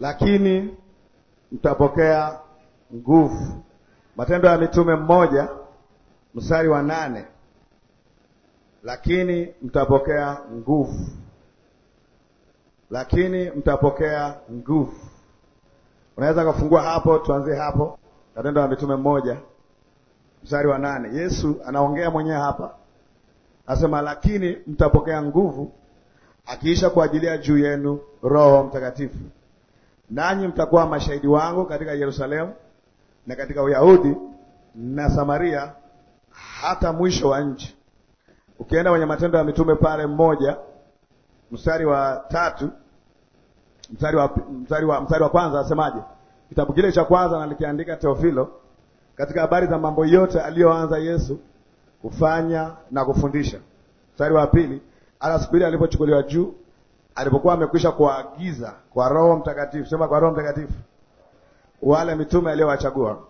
lakini mtapokea nguvu. Matendo ya Mitume mmoja mstari wa nane, lakini mtapokea nguvu, lakini mtapokea nguvu. Unaweza kufungua hapo, tuanzie hapo. Matendo ya Mitume mmoja mstari wa nane, Yesu anaongea mwenyewe hapa, anasema lakini mtapokea nguvu akiisha kuajilia juu yenu Roho Mtakatifu nanyi mtakuwa mashahidi wangu katika Yerusalemu na katika Uyahudi na Samaria hata mwisho wa nchi. Ukienda kwenye Matendo ya Mitume pale mmoja mstari wa tatu mstari wa, mstari wa, mstari wa kwanza asemaje? Kitabu kile cha kwanza nalikiandika Teofilo katika habari za mambo yote aliyoanza Yesu kufanya na kufundisha. Mstari wa pili, alasubiri alipochukuliwa juu alipokuwa amekwisha kuwaagiza kwa Roho Mtakatifu, sema kwa Roho Mtakatifu, wale mitume aliyowachagua,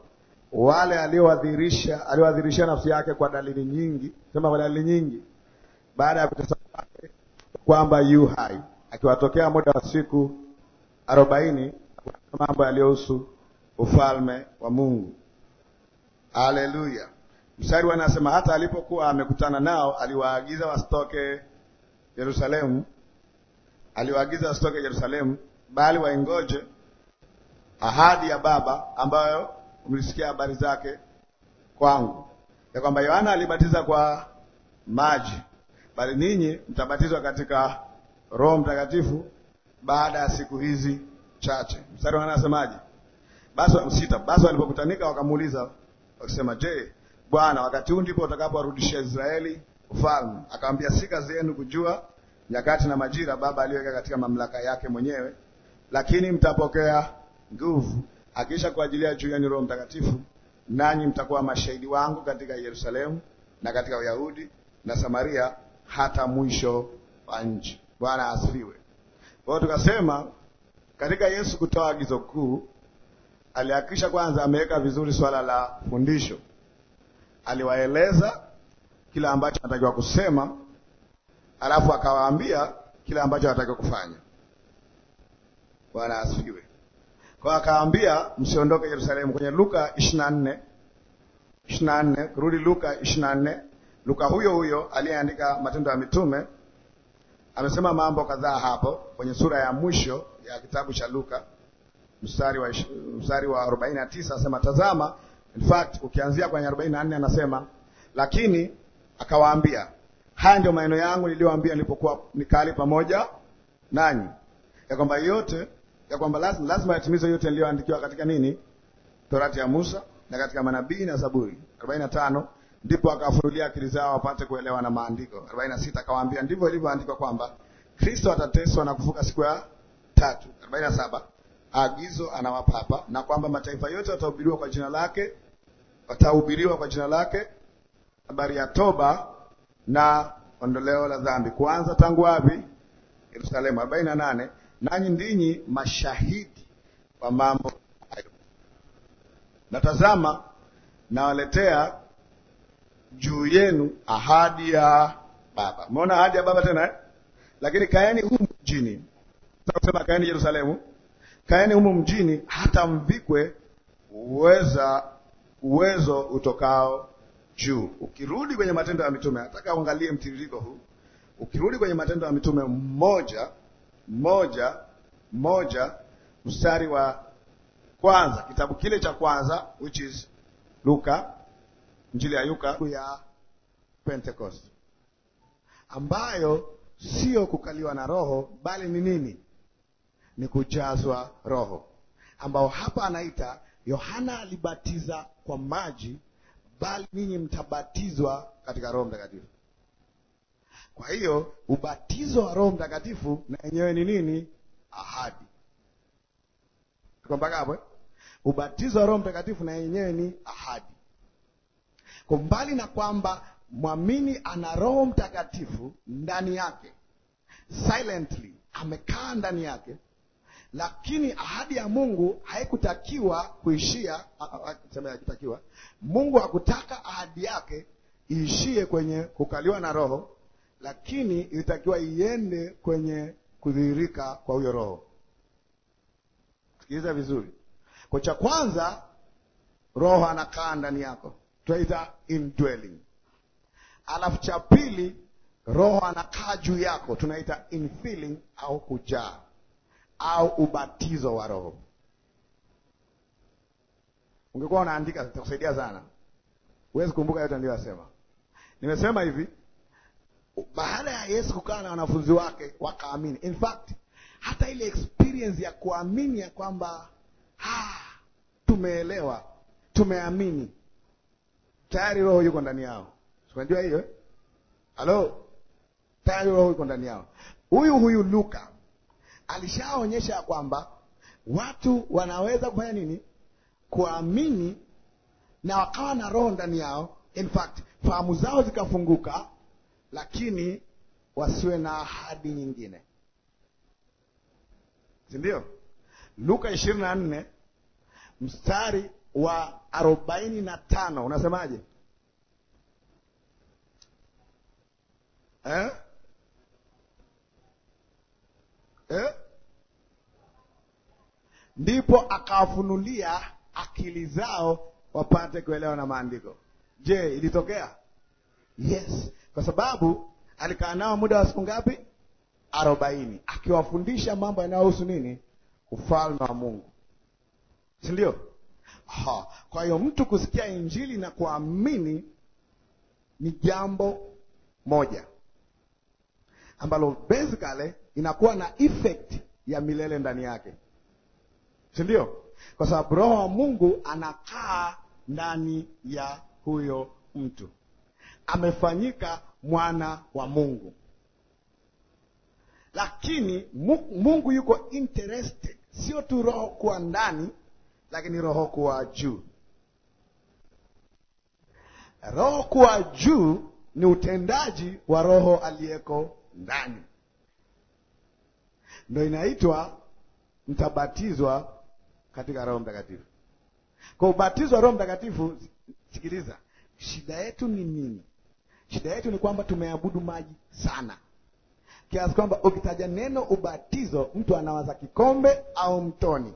wale aliowadhirisha, aliowadhirishia nafsi yake kwa dalili nyingi, sema kwa dalili nyingi, baada ya kutesa kwake, kwamba yu hai, akiwatokea muda wa siku arobaini mambo yaliyohusu ufalme wa Mungu. Haleluya! Mstari wanasema hata alipokuwa amekutana nao aliwaagiza wasitoke Yerusalemu aliwaagiza wasitoke Yerusalemu, bali waingoje ahadi ya Baba ambayo mlisikia habari zake kwangu, ya kwamba Yohana alibatiza kwa maji, bali ninyi mtabatizwa katika Roho Mtakatifu baada ya siku hizi chache. Mstari wanasemaje? Basi sita. Basi walipokutanika wakamuuliza wakisema, je, Bwana, wakati huu ndipo utakapowarudishia Israeli ufalme? Akamwambia, si kazi yenu kujua nyakati na majira Baba aliyoweka katika mamlaka yake mwenyewe, lakini mtapokea nguvu akiisha kuajilia juu yenu Roho Mtakatifu, nanyi mtakuwa mashahidi wangu katika Yerusalemu na katika Uyahudi na Samaria hata mwisho wa nchi. Bwana asifiwe. Kwa hiyo tukasema katika Yesu kutoa agizo kuu, alihakikisha kwanza ameweka vizuri swala la fundisho. Aliwaeleza kila ambacho anatakiwa kusema alafu akawaambia kila ambacho anatakiwa kufanya. Bwana asifiwe. Kwa akawaambia msiondoke Yerusalemu, kwenye Luka 24 24, kurudi Luka 24. Luka huyo huyo aliyeandika Matendo ya Mitume amesema mambo kadhaa hapo kwenye sura ya mwisho ya kitabu cha Luka mstari wa mstari wa 49, anasema tazama, in fact ukianzia kwenye 44 anasema, lakini akawaambia Haya ndio maneno yangu niliyoambia nilipokuwa nikali pamoja nanyi, ya kwamba yote ya kwamba lazima, lazima yatimizwe yote niliyoandikiwa katika nini, Torati ya Musa na katika manabii na Zaburi. 45 ndipo akafurulia akili zao wapate kuelewa na maandiko. 46 akawaambia ndivyo ilivyoandikwa kwamba Kristo atateswa na kufuka siku ya tatu. 47 agizo anawapa hapa, na kwamba mataifa yote watahubiriwa kwa jina lake watahubiriwa kwa jina lake habari ya toba na ondoleo la dhambi, kuanza tangu wapi? Yerusalemu. 48, Nanyi ndinyi mashahidi wa mambo hayo. natazama nawaletea juu yenu ahadi ya Baba. Umeona ahadi ya Baba tena eh? Lakini kaeni humu mjini, kusema kaeni Yerusalemu, kaeni humu mjini hata mvikwe uweza uwezo utokao juu. Ukirudi kwenye Matendo ya Mitume, nataka uangalie mtiririko huu. Ukirudi kwenye Matendo ya Mitume moja moja moja mstari wa kwanza, kitabu kile cha kwanza which is Luka, Injili ya Luka ya Pentecost, ambayo sio kukaliwa na Roho bali ni nini? Ni kujazwa Roho, ambao hapa anaita Yohana alibatiza kwa maji bali ninyi mtabatizwa katika Roho Mtakatifu. Kwa hiyo ubatizo wa Roho Mtakatifu na yenyewe ni nini? Ahadi. Tuko mpaka hapo? Eh? Ubatizo wa Roho Mtakatifu na yenyewe ni ahadi. Kwa mbali na kwamba mwamini ana Roho Mtakatifu ndani yake silently, amekaa ndani yake lakini ahadi ya Mungu haikutakiwa kuishia sema haikutakiwa. Mungu hakutaka ahadi yake iishie kwenye kukaliwa na Roho, lakini ilitakiwa iende kwenye kudhihirika kwa huyo Roho. Sikiliza vizuri, kwa cha kwanza, Roho anakaa ndani yako, tunaita indwelling. Alafu cha pili, Roho anakaa juu yako, tunaita infilling au kujaa au ubatizo wa Roho. Ungekuwa unaandika itakusaidia sana, huwezi kumbuka yote niliyosema. Nimesema hivi baada ya Yesu kukaa na wanafunzi wake wakaamini. In fact hata ile experience ya kuamini ya kwamba ah, tumeelewa, tumeamini tayari, Roho yuko ndani yao. Unajua hiyo halo, eh? tayari Roho yuko ndani yao. Huyu huyu Luka alishaonyesha ya kwamba watu wanaweza kufanya nini? Kuamini na wakawa na roho ndani yao, in fact fahamu zao zikafunguka, lakini wasiwe na ahadi nyingine, si ndio? Luka ishirini na nne mstari wa arobaini na tano unasemaje eh? Eh? ndipo akawafunulia akili zao wapate kuelewa na maandiko. Je, ilitokea? Yes, kwa sababu alikaa nao muda wa siku ngapi? Arobaini, akiwafundisha mambo yanayohusu nini? Ufalme wa Mungu, si ndio? Kwa hiyo mtu kusikia injili na kuamini ni jambo moja ambalo basically inakuwa na effect ya milele ndani yake sindio Kwa sababu Roho wa Mungu anakaa ndani ya huyo mtu, amefanyika mwana wa Mungu. Lakini Mungu yuko interested, sio tu roho kuwa ndani, lakini roho kuwa juu. Roho kuwa juu ni utendaji wa roho aliyeko ndani, ndo inaitwa mtabatizwa katika Roho Mtakatifu. Kwa ubatizo wa Roho Mtakatifu, sikiliza, shida yetu ni nini? Shida yetu ni kwamba tumeabudu maji sana kiasi kwamba ukitaja neno ubatizo mtu anawaza kikombe au mtoni.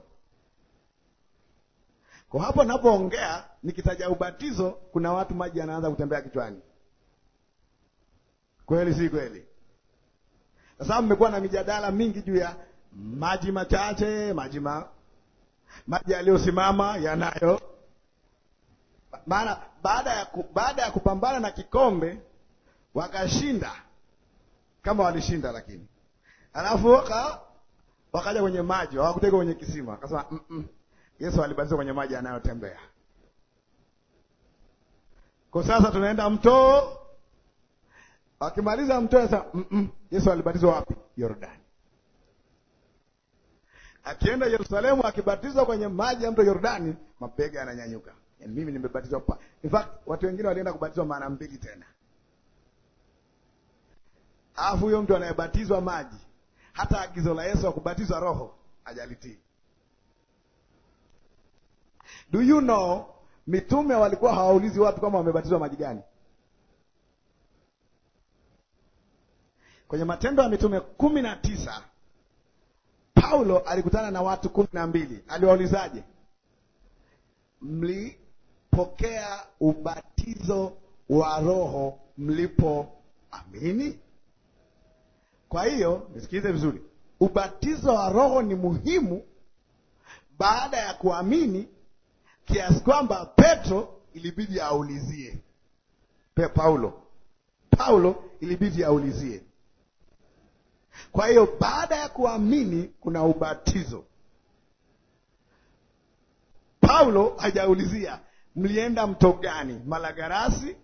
Kwa hapo napoongea, nikitaja ubatizo, kuna watu maji yanaanza kutembea kichwani. Kweli si kweli? Sasa mmekuwa na mijadala mingi juu ya maji machache, maji ma maji yaliyosimama yanayo maana. Baada ya baada ya kupambana na kikombe wakashinda, kama walishinda, lakini alafu waka wakaja kwenye maji, hawakuteka kwenye kisima, akasema mm -mm. Yesu alibatiza kwenye maji yanayotembea. Kwa sasa tunaenda mtoo, wakimaliza mtoo sasa mm -mm. Yesu alibatizwa wapi? Yordani akienda Yerusalemu akibatizwa kwenye maji ya mto Yordani, mabega yananyanyuka. Yaani mimi nimebatizwa pa. In fact, watu wengine walienda kubatizwa mara mbili tena. Alafu huyo mtu anayebatizwa maji, hata agizo la Yesu akubatizwa roho hajalitii. Do you know mitume walikuwa hawaulizi watu kama wamebatizwa maji gani? Kwenye Matendo ya Mitume kumi na tisa Paulo alikutana na watu kumi na mbili. Aliwaulizaje? Mlipokea ubatizo wa Roho mlipoamini? Kwa hiyo nisikilize vizuri, ubatizo wa Roho ni muhimu baada ya kuamini, kiasi kwamba Petro ilibidi aulizie Pe Paulo Paulo ilibidi aulizie kwa hiyo baada ya kuamini kuna ubatizo. Paulo hajaulizia mlienda mto gani, Malagarasi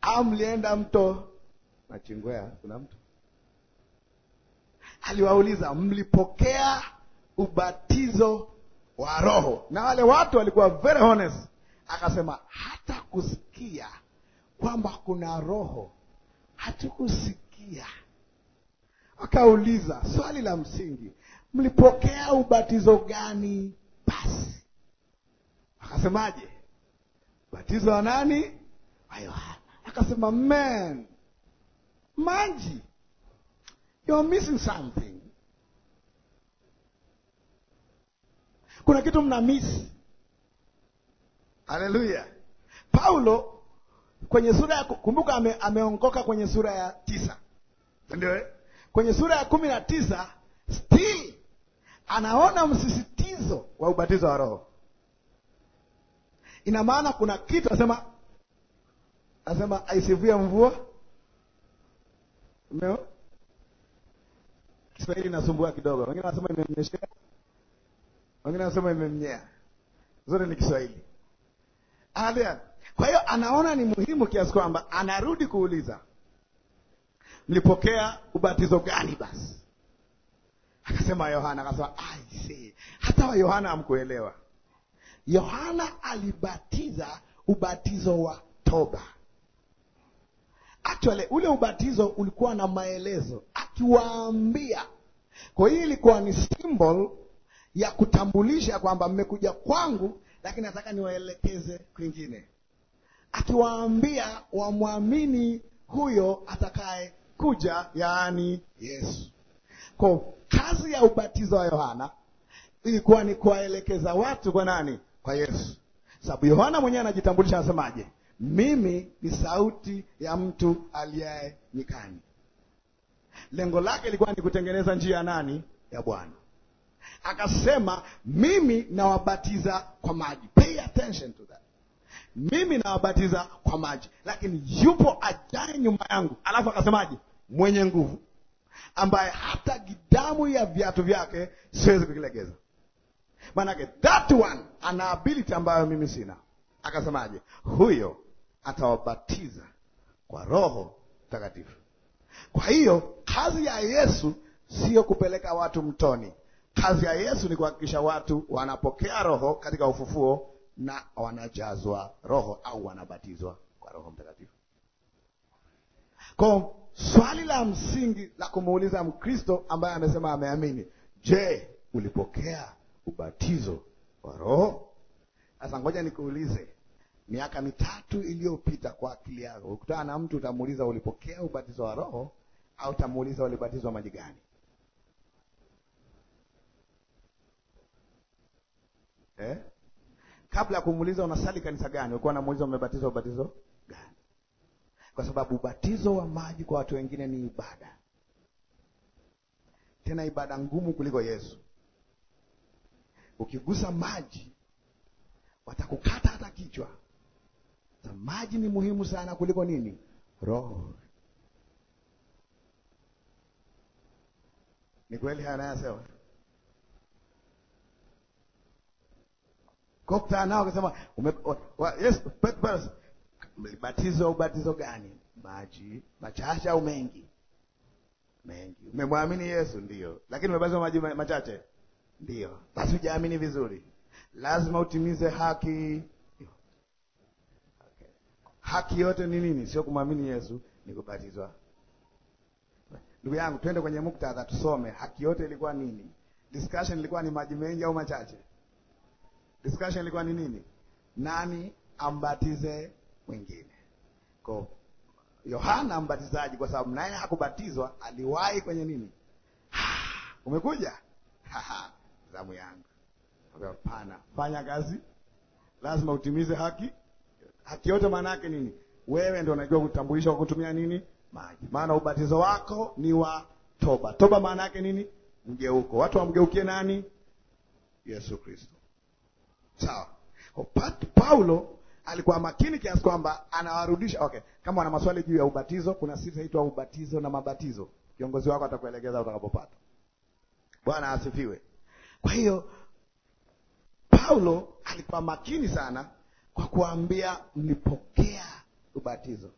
au mlienda mto Machingwea? Kuna mtu aliwauliza mlipokea ubatizo wa Roho? Na wale watu walikuwa very honest, akasema hata kusikia kwamba kuna roho hatukusikia akauliza swali la msingi, mlipokea ubatizo gani? Basi akasemaje? Ubatizo wa nani? Wa Yohana. Akasema, man manji, you're missing something. Kuna kitu mna misi. Haleluya. Paulo kwenye sura ya kumbuka, ameongoka ame kwenye sura ya tisa, ndio ndio? Eh? kwenye sura ya kumi na tisa still anaona msisitizo wa ubatizo wa Roho. Ina maana kuna kitu anasema, anasema aisivua mvua Meo? Kiswahili inasumbua kidogo, wengine wanasema imemnyeshea, wengine wanasema imemnyea, zote ni Kiswahili. Kwa hiyo anaona ni muhimu kiasi kwamba anarudi kuuliza mlipokea ubatizo gani basi? Akasema Yohana, akasema I Hata wa Yohana hamkuelewa. Yohana alibatiza ubatizo wa toba. Actually ule ubatizo ulikuwa na maelezo, akiwaambia. Kwa hiyo ilikuwa ni symbol ya kutambulisha kwamba mmekuja kwangu, lakini nataka niwaelekeze kwingine, akiwaambia wamwamini huyo atakaye aliyekuja, yaani Yesu. Kwa kazi ya ubatizo wa Yohana ilikuwa ni kuwaelekeza watu kwa nani? Kwa Yesu, sababu Yohana mwenyewe anajitambulisha, anasemaje? Mimi ni sauti ya mtu aliyaye nyikani. Lengo lake ilikuwa ni kutengeneza njia ya nani? Ya Bwana. Akasema mimi nawabatiza kwa maji. Pay attention to that. Mimi nawabatiza kwa maji, lakini yupo ajaye nyuma yangu. Alafu akasemaje? mwenye nguvu, ambaye hata gidamu ya viatu vyake siwezi kukilegeza. Maanake that one ana ability ambayo mimi sina. Akasemaje? Huyo atawabatiza kwa Roho Mtakatifu. Kwa hiyo kazi ya Yesu siyo kupeleka watu mtoni. Kazi ya Yesu ni kuhakikisha watu wanapokea Roho katika ufufuo na wanajazwa Roho au wanabatizwa kwa Roho Mtakatifu. Kwa swali la msingi la kumuuliza Mkristo ambaye amesema ameamini, je, ulipokea ubatizo wa Roho? Sasa ngoja nikuulize, miaka mitatu iliyopita, kwa akili yako ukutana na mtu utamuuliza ulipokea ubatizo wa Roho au utamuuliza ulibatizwa maji gani? Eh? Kabla ya kumuuliza unasali kanisa gani, ulikuwa namuuliza umebatizwa ubatizo gani? kwa sababu ubatizo wa maji kwa watu wengine ni ibada, tena ibada ngumu kuliko Yesu. Ukigusa maji watakukata hata kichwa. Na maji ni muhimu sana kuliko nini? Roho. Ni kweli haya anayasema kokta nao akasema Yesu Umelibatizwa ubatizo gani? Maji machache au mengi? Mengi. Umemwamini Yesu? Ndiyo. Lakini umebatizwa maji machache? Ndiyo. Basi hujaamini vizuri, lazima utimize haki. Okay. Haki yote ni nini? Sio kumwamini Yesu, ni kubatizwa. Ndugu yangu, twende kwenye muktadha, tusome haki yote ilikuwa nini. Discussion ilikuwa ni maji mengi au machache? Discussion ilikuwa ni nini? Nani ambatize mwingine. Kwa Yohana Mbatizaji, kwa sababu naye hakubatizwa, aliwahi kwenye nini? Ha, umekuja zamu yangu. Hapana, fanya kazi, lazima utimize haki. Haki yote maana yake nini? Wewe ndio unajua kutambulisha kwa kutumia nini? Maji. Maana ubatizo wako ni wa toba. Toba maana yake nini? Mgeuko. Watu wamgeukie nani? Yesu Kristo. Sawa. Paulo alikuwa makini kiasi kwamba anawarudisha. Okay, kama wana maswali juu ya ubatizo, kuna sisi inaitwa ubatizo na mabatizo. Kiongozi wako atakuelekeza utakapopata. Bwana asifiwe. Kwa hiyo Paulo alikuwa makini sana kwa kuambia mlipokea ubatizo.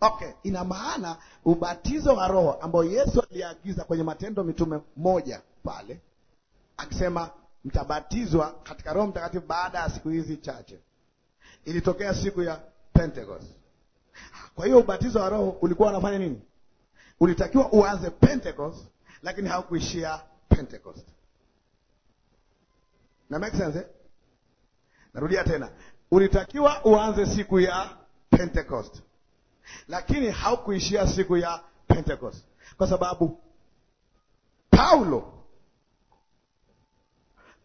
Okay, ina maana ubatizo wa Roho ambao Yesu aliagiza kwenye Matendo Mitume moja pale akisema mtabatizwa katika Roho Mtakatifu baada ya siku hizi chache ilitokea siku ya Pentecost. Kwa hiyo ubatizo wa Roho ulikuwa unafanya nini? Ulitakiwa uanze Pentecost, lakini haukuishia Pentecost. Na make sense eh? Narudia tena, ulitakiwa uanze siku ya Pentecost, lakini haukuishia siku ya Pentecost, kwa sababu Paulo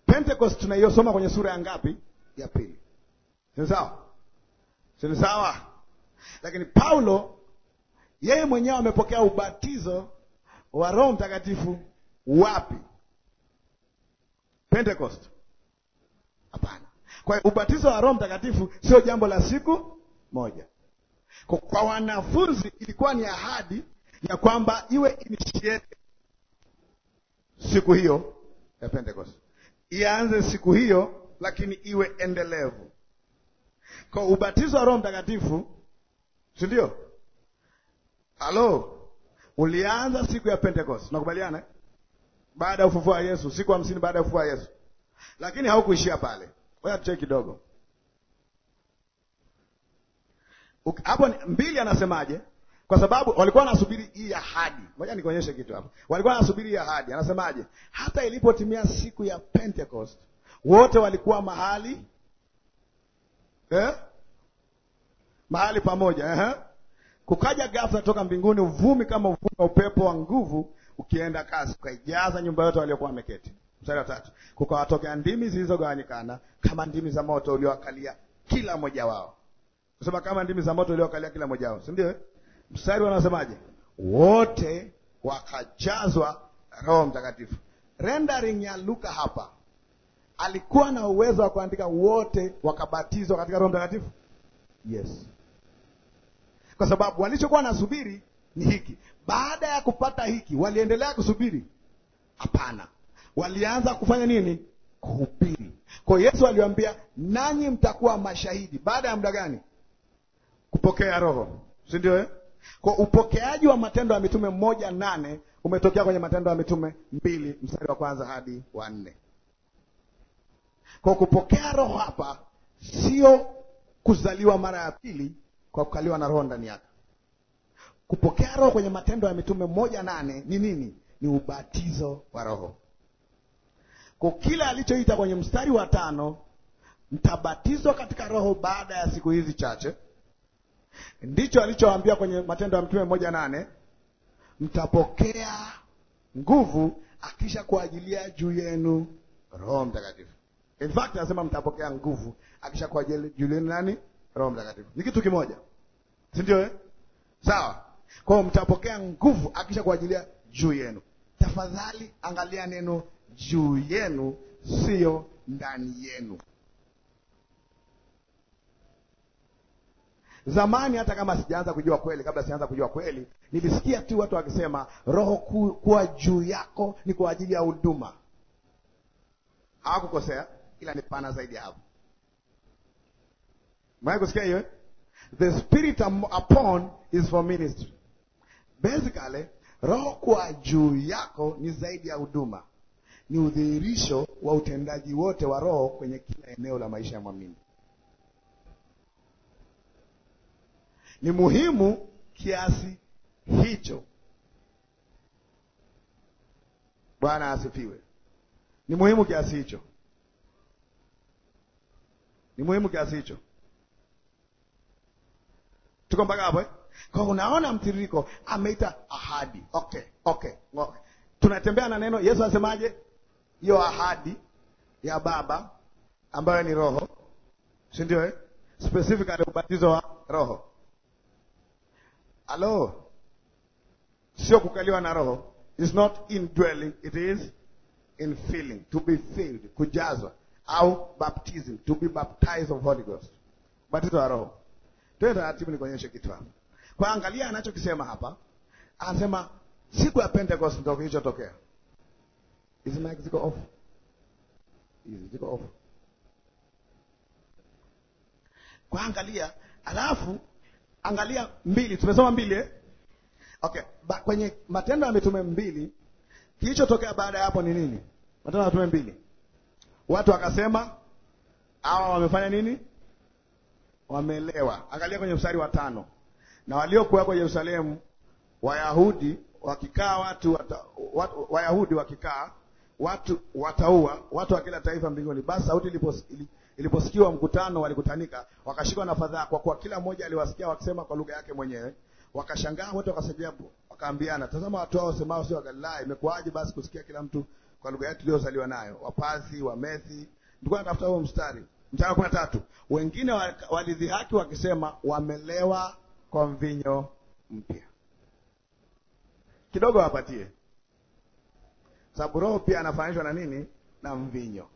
Pentecost tunaiyosoma kwenye sura ya ngapi? Ya pili. Sio sawa? Sio sawa? Lakini Paulo yeye mwenyewe amepokea ubatizo wa Roho Mtakatifu wapi? Pentecost? Hapana. Kwa hiyo ubatizo wa Roho Mtakatifu sio jambo la siku moja. Kwa wanafunzi ilikuwa ni ahadi ya kwamba iwe initiate siku hiyo ya Pentecost, ianze siku hiyo, lakini iwe endelevu. Kwa ubatizo wa Roho Mtakatifu, si ndio? Halo, ulianza siku ya Pentecost, nakubaliana, baada ya ufufuo wa Yesu, siku hamsini baada ya ufufuo wa Yesu, lakini haukuishia pale. Wewe tucheki kidogo hapo mbili, anasemaje? Kwa sababu walikuwa wanasubiri hii ahadi. Ngoja nikuonyeshe kitu hapo. Walikuwa wanasubiri hii ahadi, anasemaje? Hata ilipotimia siku ya Pentecost, wote walikuwa mahali eh? mahali pamoja eh? Kukaja ghafla toka mbinguni uvumi kama uvumi wa upepo wa nguvu ukienda kasi, ukaijaza nyumba yote waliokuwa wameketi. Mstari wa tatu, kukawatokea ndimi zilizogawanyikana kama ndimi za moto uliowakalia kila mmoja wao. Nasema kama ndimi za moto uliowakalia kila mmoja wao, si ndio? Eh? Mstari wanasemaje? Wote wakajazwa Roho Mtakatifu. Rendering ya Luka hapa alikuwa na uwezo wa kuandika wote wakabatizwa katika Roho Mtakatifu? Yes, kwa sababu walichokuwa nasubiri ni hiki. Baada ya kupata hiki, waliendelea kusubiri? Hapana, walianza kufanya nini? Kuhubiri. Kwa Yesu aliwaambia, nanyi mtakuwa mashahidi. Baada ya muda gani? Kupokea Roho, si ndio eh? Kwa upokeaji wa Matendo ya Mitume moja nane umetokea kwenye Matendo ya Mitume mbili mstari wa kwanza hadi wa nne. Kwa kupokea roho hapa sio kuzaliwa mara ya pili kwa kukaliwa na roho ndani yake. Kupokea roho kwenye Matendo ya Mitume moja nane ni nini? Ni ubatizo wa roho. Kwa kila alichoita kwenye mstari wa tano, mtabatizwa katika roho baada ya siku hizi chache, ndicho alichoambia kwenye Matendo ya Mitume moja nane, mtapokea nguvu akisha kuajilia juu yenu Roho Mtakatifu. In fact anasema mtapokea nguvu akishakuwa julieni nani? Roho Mtakatifu. Ni kitu kimoja, si ndio eh? Sawa. Kwa hiyo mtapokea nguvu akisha kuajilia juu yenu. Tafadhali angalia neno juu yenu, sio ndani yenu. Zamani hata kama sijaanza kujua kweli, kabla sijaanza kujua kweli, nilisikia tu watu wakisema roho kuwa juu yako ni kwa ajili ya huduma. Hawakukosea ila ni pana zaidi hapo. Mwae kusikia hiyo? The spirit I'm upon is for ministry. Basically, roho kwa juu yako ni zaidi ya huduma, ni udhihirisho wa utendaji wote wa roho kwenye kila eneo la maisha ya mwamini. Ni muhimu kiasi hicho. Bwana asifiwe. Ni muhimu kiasi hicho ni muhimu kiasi hicho. Tuko mpaka hapo eh? Kwa unaona mtiririko, ameita ahadi. Okay, okay, okay. Tunatembea na neno Yesu asemaje? Hiyo ahadi ya Baba ambayo ni Roho, si ndio eh? Specifically ubatizo wa Roho. Halo, sio kukaliwa na Roho. It's not indwelling, it is infilling, to be filled, kujazwa au baptism to be baptized of Holy Ghost, batizo wa Roho. Tuwe taratibu, nikuonyeshe kitu hapa. Kwa angalia anachokisema hapa, anasema siku ya Pentecost ndio kilichotokea. Is mic ziko off, Is ziko off. Kwa angalia, alafu angalia mbili, tumesoma mbili eh? Okay, ba, kwenye Matendo ya Mitume mbili, kilichotokea baada ya hapo ni nini? Matendo ya Mitume mbili Watu wakasema hawa wamefanya nini? Wamelewa. Angalia kwenye mstari wa tano. Na waliokuwa kwa Yerusalemu Wayahudi wakikaa watu, wata, watu Wayahudi wakikaa watu wataua watu wa kila taifa mbinguni. Basi sauti ilipos, iliposikiwa mkutano walikutanika, wakashikwa na fadhaa, kwa kuwa kila mmoja aliwasikia wakisema kwa lugha yake mwenyewe. Wakashangaa wote, wakastajabu, wakaambiana, tazama, watu hao wasemao si Wagalilaya? Imekuwaje basi kusikia kila mtu kwa lugha yetu tuliyozaliwa nayo, Wapasi, Wamethi. Nilikuwa natafuta huo mstari, mstari wa kumi na tatu. Wengine walidhihaki wakisema wamelewa kwa mvinyo mpya. Kidogo wapatie, sababu roho pia anafananishwa na nini? Na mvinyo.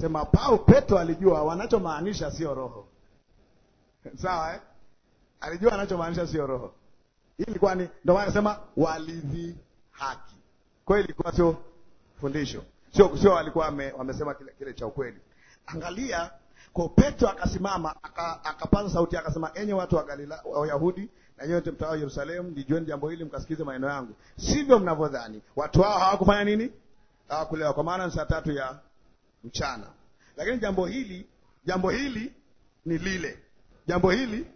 Sema Paulo Petro alijua wanachomaanisha sio roho sawa eh? Alijua anachomaanisha sio roho. Hii ilikuwa ni ndio maana anasema walidhihaki, kwa hiyo ilikuwa sio fundisho, sio sio alikuwa ame, amesema kile, kile cha ukweli. Angalia kwa Petro akasimama akapaza aka sauti akasema, enye watu wa Galilaya wa Wayahudi na nyote mtawao Yerusalemu, lijueni jambo hili mkasikize maneno yangu, sivyo mnavyodhani. Watu hao hawakufanya nini? Hawakulewa, kwa maana ni saa tatu ya mchana. Lakini jambo hili jambo hili ni lile jambo hili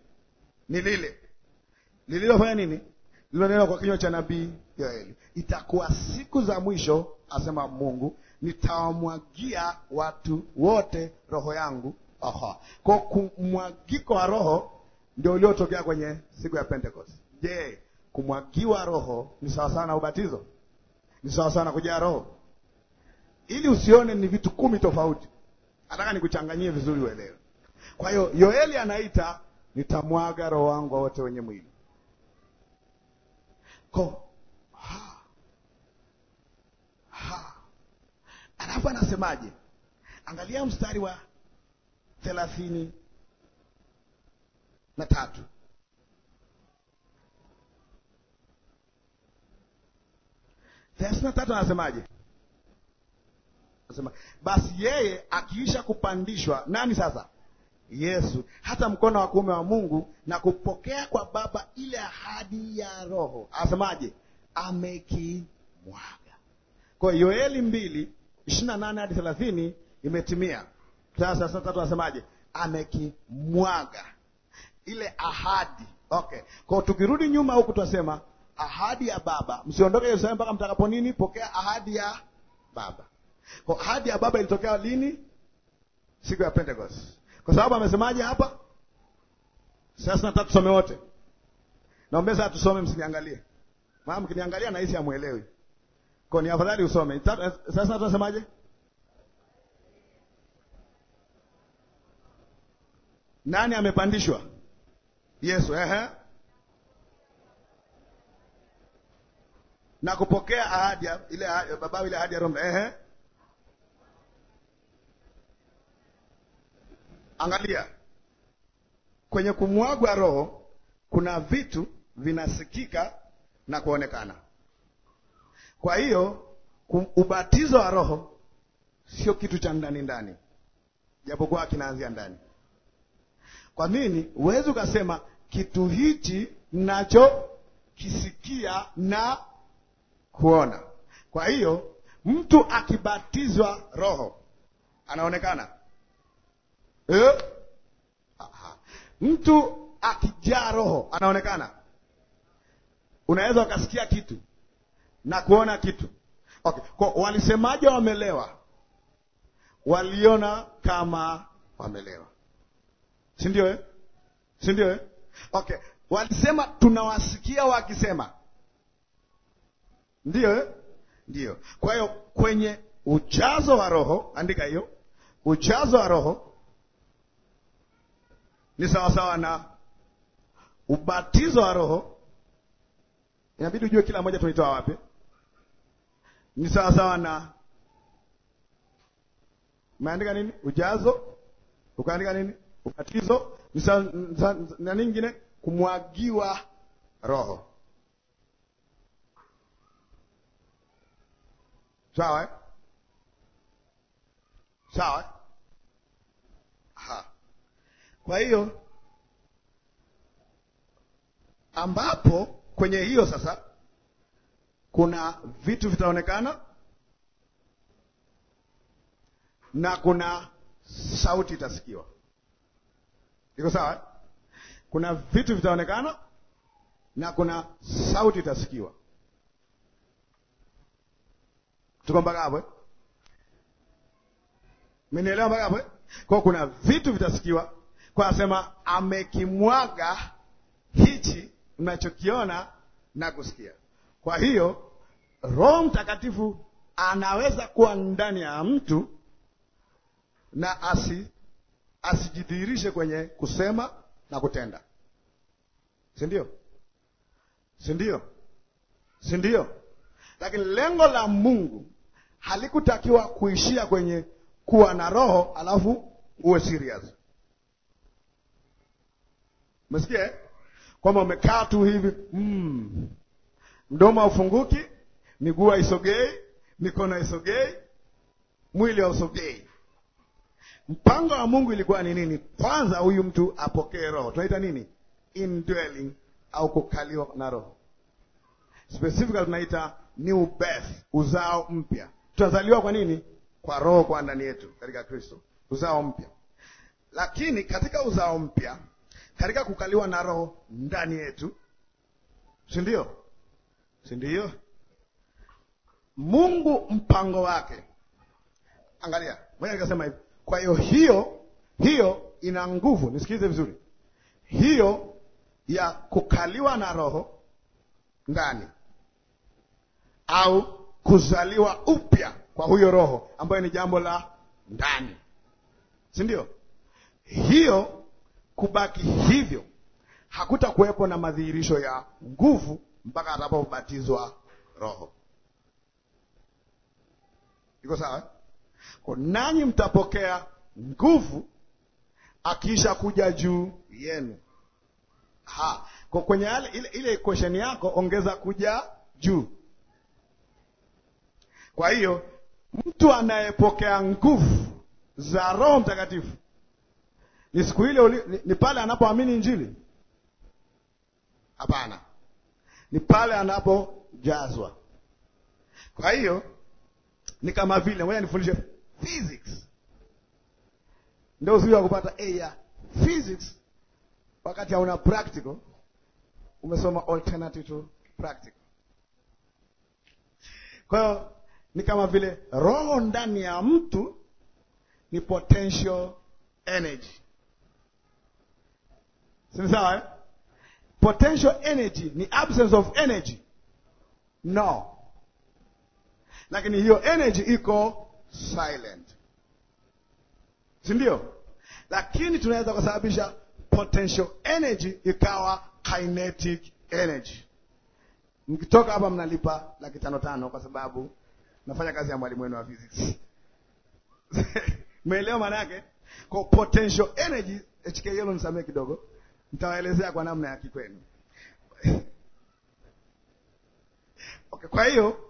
ni lile lililofanya nini, lililonena kwa kinywa cha nabii Yoeli, itakuwa siku za mwisho asema Mungu, nitawamwagia watu wote roho yangu. Aha, kwa kumwagiko wa roho ndio uliotokea kwenye siku ya Pentecost. Je, kumwagiwa roho ni sawa sana na ubatizo? Ni sawa sana kujaa roho? Ili usione ni vitu kumi tofauti, nataka nikuchanganyie vizuri uelewe. Kwa hiyo Yoeli anaita nitamwaga roho wangu wote wenye mwili Kwa Alafu anasemaje? Angalia mstari wa thelathini na tatu. thelathini na tatu anasemaje? Anasema basi yeye akiisha kupandishwa, nani sasa? Yesu, hata mkono wa kuume wa Mungu na kupokea kwa Baba ile ahadi ya Roho, anasemaje? Amekimwaga. Kwa hiyo Yoeli mbili ishirini na nane hadi thelathini imetimia. Sasa sasa tatu asemaje? Amekimwaga ile ahadi. Okay, kwa tukirudi nyuma huku tunasema ahadi ya Baba, msiondoke Yerusalemu mpaka mtakapo nini, pokea ahadi ya Baba. Kwa ahadi ya Baba ilitokea lini? Siku ya Pentecost, kwa sababu amesemaje hapa? Sasa nataka tusome wote, naombeza tusome, msiniangalie maana mkiniangalia nahisi hamwelewi. Kwa ni afadhali usome. Eh, sasa tunasemaje? Nani amepandishwa? Yesu, ehe. Na kupokea ahadi ile baba ile ahadi ya Roho, ehe. Angalia. Kwenye kumwagwa Roho kuna vitu vinasikika na kuonekana. Kwa hiyo ubatizo wa Roho sio kitu cha ndani ndani, japokuwa kinaanzia ndani. Kwa nini huwezi ukasema kitu hichi nachokisikia na kuona? Kwa hiyo mtu akibatizwa Roho anaonekana e? Mtu akijaa Roho anaonekana. Unaweza ukasikia kitu na kuona kitu okay. Kwa walisemaje wamelewa? Waliona kama wamelewa, si ndio eh? si ndio eh? Okay, walisema tunawasikia wakisema, ndio eh? Ndio. Kwa hiyo kwenye ujazo wa Roho, andika hiyo, ujazo wa Roho ni sawasawa na ubatizo wa Roho. Inabidi ujue kila moja tunaitoa wapi ni sawa sawa na umeandika nini? Ujazo ukaandika nini? Ubatizo ni sawa na nyingine, kumwagiwa Roho. Sawa eh? Sawa eh? Ha. Kwa hiyo ambapo kwenye hiyo sasa kuna vitu vitaonekana na kuna sauti itasikiwa. Iko sawa? Kuna vitu vitaonekana na kuna sauti itasikiwa. Tuko mpaka hapo eh? Mnielewa mpaka hapo eh? Kwa kuna vitu vitasikiwa, kwa asema amekimwaga hichi mnachokiona na kusikia. Kwa hiyo Roho Mtakatifu anaweza kuwa ndani ya mtu na asi asijidhihirishe kwenye kusema na kutenda, si ndio? si ndio? si ndio? Lakini lengo la Mungu halikutakiwa kuishia kwenye kuwa na roho alafu uwe serious. Umesikia eh? kwamba umekaa tu hivi mm, mdomo haufunguki miguu haisogei, mikono haisogei, mwili hausogei. Mpango wa Mungu ilikuwa ni nini? Kwanza huyu mtu apokee roho, tunaita nini? Indwelling au kukaliwa na roho. Specifically tunaita new birth, uzao mpya. Tunazaliwa kwa nini? Kwa roho, kwa ndani yetu katika Kristo, uzao mpya. Lakini katika uzao mpya, katika kukaliwa na roho ndani yetu, si ndio? Si ndio? Mungu mpango wake. Angalia, mwenye nikasema hivi. Kwa hiyo hiyo hiyo ina nguvu, nisikilize vizuri, hiyo ya kukaliwa na roho ndani au kuzaliwa upya kwa huyo roho ambayo ni jambo la ndani, si ndio? Hiyo kubaki hivyo, hakutakuwepo na madhihirisho ya nguvu mpaka atakapobatizwa roho iko sawa? Kwa nanyi mtapokea nguvu akiisha kuja juu yenu. Ha, kwa kwenye ile ile equation yako ongeza kuja juu. Kwa hiyo mtu anayepokea nguvu za Roho Mtakatifu ni siku ile ni, ni pale anapoamini Injili? Hapana, ni pale anapojazwa. Kwa hiyo ni kama vile, ngoja nifundishe physics. Ndio uzuri wa kupata A ya physics wakati hauna practical, umesoma alternative to practical. Kwa hiyo ni kama vile roho ndani ya mtu ni potential energy, si sawa eh? Potential energy ni absence of energy? No lakini hiyo energy iko silent, si ndio? Lakini tunaweza kusababisha potential energy ikawa kinetic energy. Mkitoka hapa mnalipa laki tano tano kwa sababu nafanya kazi ya mwalimu wenu wa physics Umeelewa maana yake? Kwa potential energy HK yellow, nisamee kidogo, nitawaelezea kwa namna ya kikwenu okay. Kwa hiyo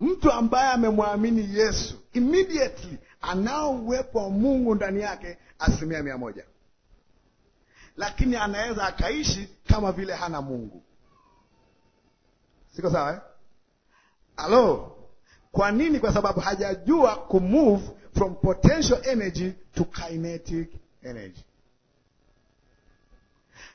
Mtu ambaye amemwamini Yesu immediately anao uwepo wa Mungu ndani yake asilimia mia moja, lakini anaweza akaishi kama vile hana Mungu. Siko sawa eh? Alo, kwa nini? Kwa sababu hajajua kumove from potential energy to kinetic energy.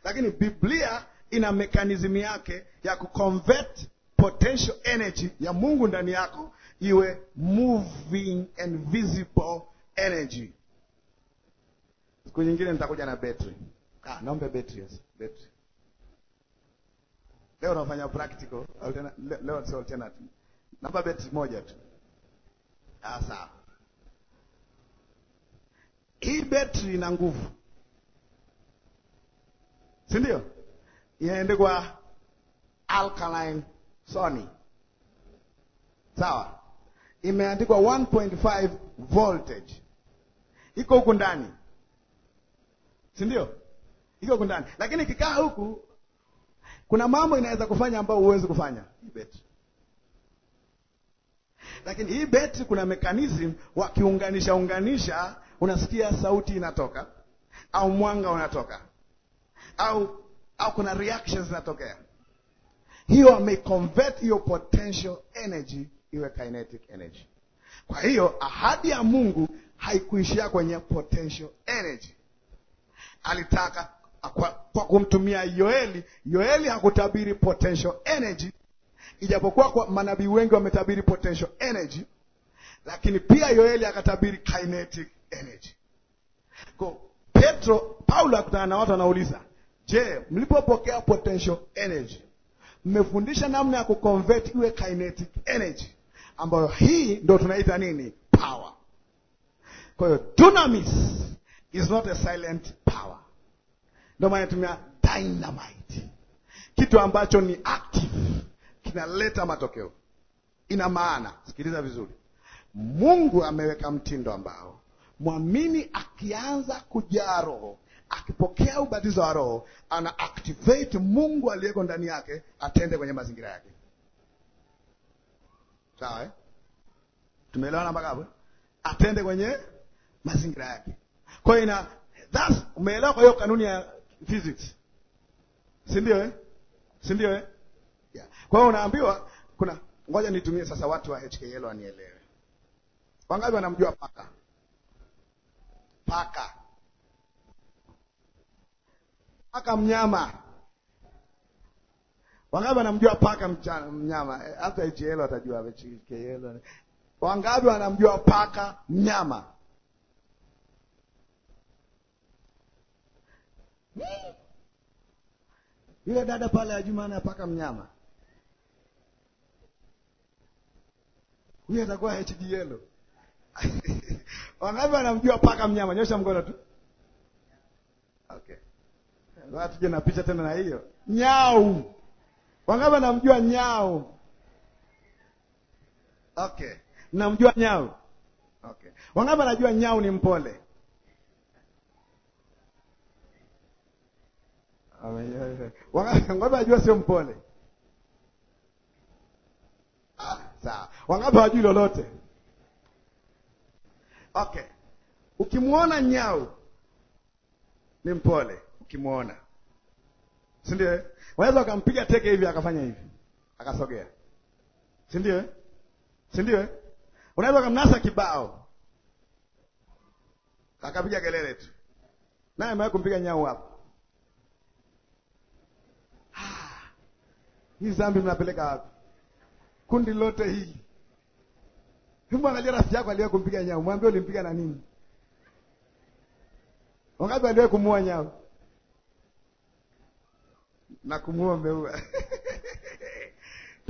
Lakini Biblia ina mekanizimu yake ya kuconvert potential energy ya Mungu ndani yako iwe moving and visible energy. Siku nyingine nitakuja na battery. Ah, naombe battery, yes. Battery. Leo nafanya practical, alternative. Leo sio alternative. Naomba battery moja tu. Ah, sawa. Hii battery ina nguvu. Si ndio? Inaende kwa alkaline Sony. Sawa, imeandikwa 1.5 voltage, iko huku ndani, si ndio? Iko huku ndani, lakini ikikaa huku, kuna mambo inaweza kufanya ambayo huwezi kufanya hii betri. Lakini hii betri kuna mechanism, wakiunganisha unganisha, unasikia sauti inatoka au mwanga unatoka au au kuna reactions zinatokea hiyo ameconvert hiyo potential energy iwe kinetic energy. Kwa hiyo ahadi ya Mungu haikuishia kwenye potential energy. Alitaka kwa, kwa kumtumia Yoeli. Yoeli hakutabiri potential energy, ijapokuwa kwa manabii wengi wametabiri potential energy, lakini pia Yoeli akatabiri kinetic energy. Kwa Petro, Paulo akutana na watu anauliza je, mlipopokea potential energy mmefundisha namna ya kuconvert iwe kinetic energy ambayo hii ndo tunaita nini power. Kwa hiyo dunamis is not a silent power, ndio maana tumia dynamite, kitu ambacho ni active kinaleta matokeo. Ina maana, sikiliza vizuri, Mungu ameweka mtindo ambao mwamini akianza kujaa roho akipokea ubatizo wa Roho ana activate Mungu aliyeko ndani yake atende kwenye mazingira yake. Sawa eh? Tumeelewana mpaka hapo? Eh? Atende kwenye mazingira yake. Kwa hiyo ina that's umeelewa kwa hiyo kanuni ya physics. Si ndio eh? Si ndio eh? Yeah. Kwa hiyo unaambiwa kuna ngoja nitumie sasa watu wa HKL wanielewe. Wangapi wanamjua paka? Paka paka mnyama, wangapi wanamjua paka mchana, mnyama? Eh, hata HL atajua HKL. Wangapi wanamjua paka mnyama? Yule dada pale maana ya paka mnyama, huyu atakuwa HDL. Wangapi wanamjua paka mnyama? Nyosha mkono tu. Tuje na picha tena na hiyo nyau. Wangapi namjua nyau? Okay, namjua nyau. Okay, wangapi anajua nyau ni mpole? Wangapi anajua sio mpole? Ah, sawa. Wangapi hawajui lolote? Okay, ukimwona nyau ni mpole ukimwona, si ndio? Eh? Wanaweza wakampiga teke hivi akafanya hivi akasogea, si ndio? Eh? si ndio? Eh? Unaweza ukamnasa kibao akapiga kelele tu, naye amewahi kumpiga nyau hapo. Ah, hii dhambi mnapeleka wapi? Kundi lote hii. Hebu angalia rafiki yako aliyekumpiga nyau, mwambie ulimpiga na nini? Wangapi aliwahi kumuua nyau? na kumua mmeua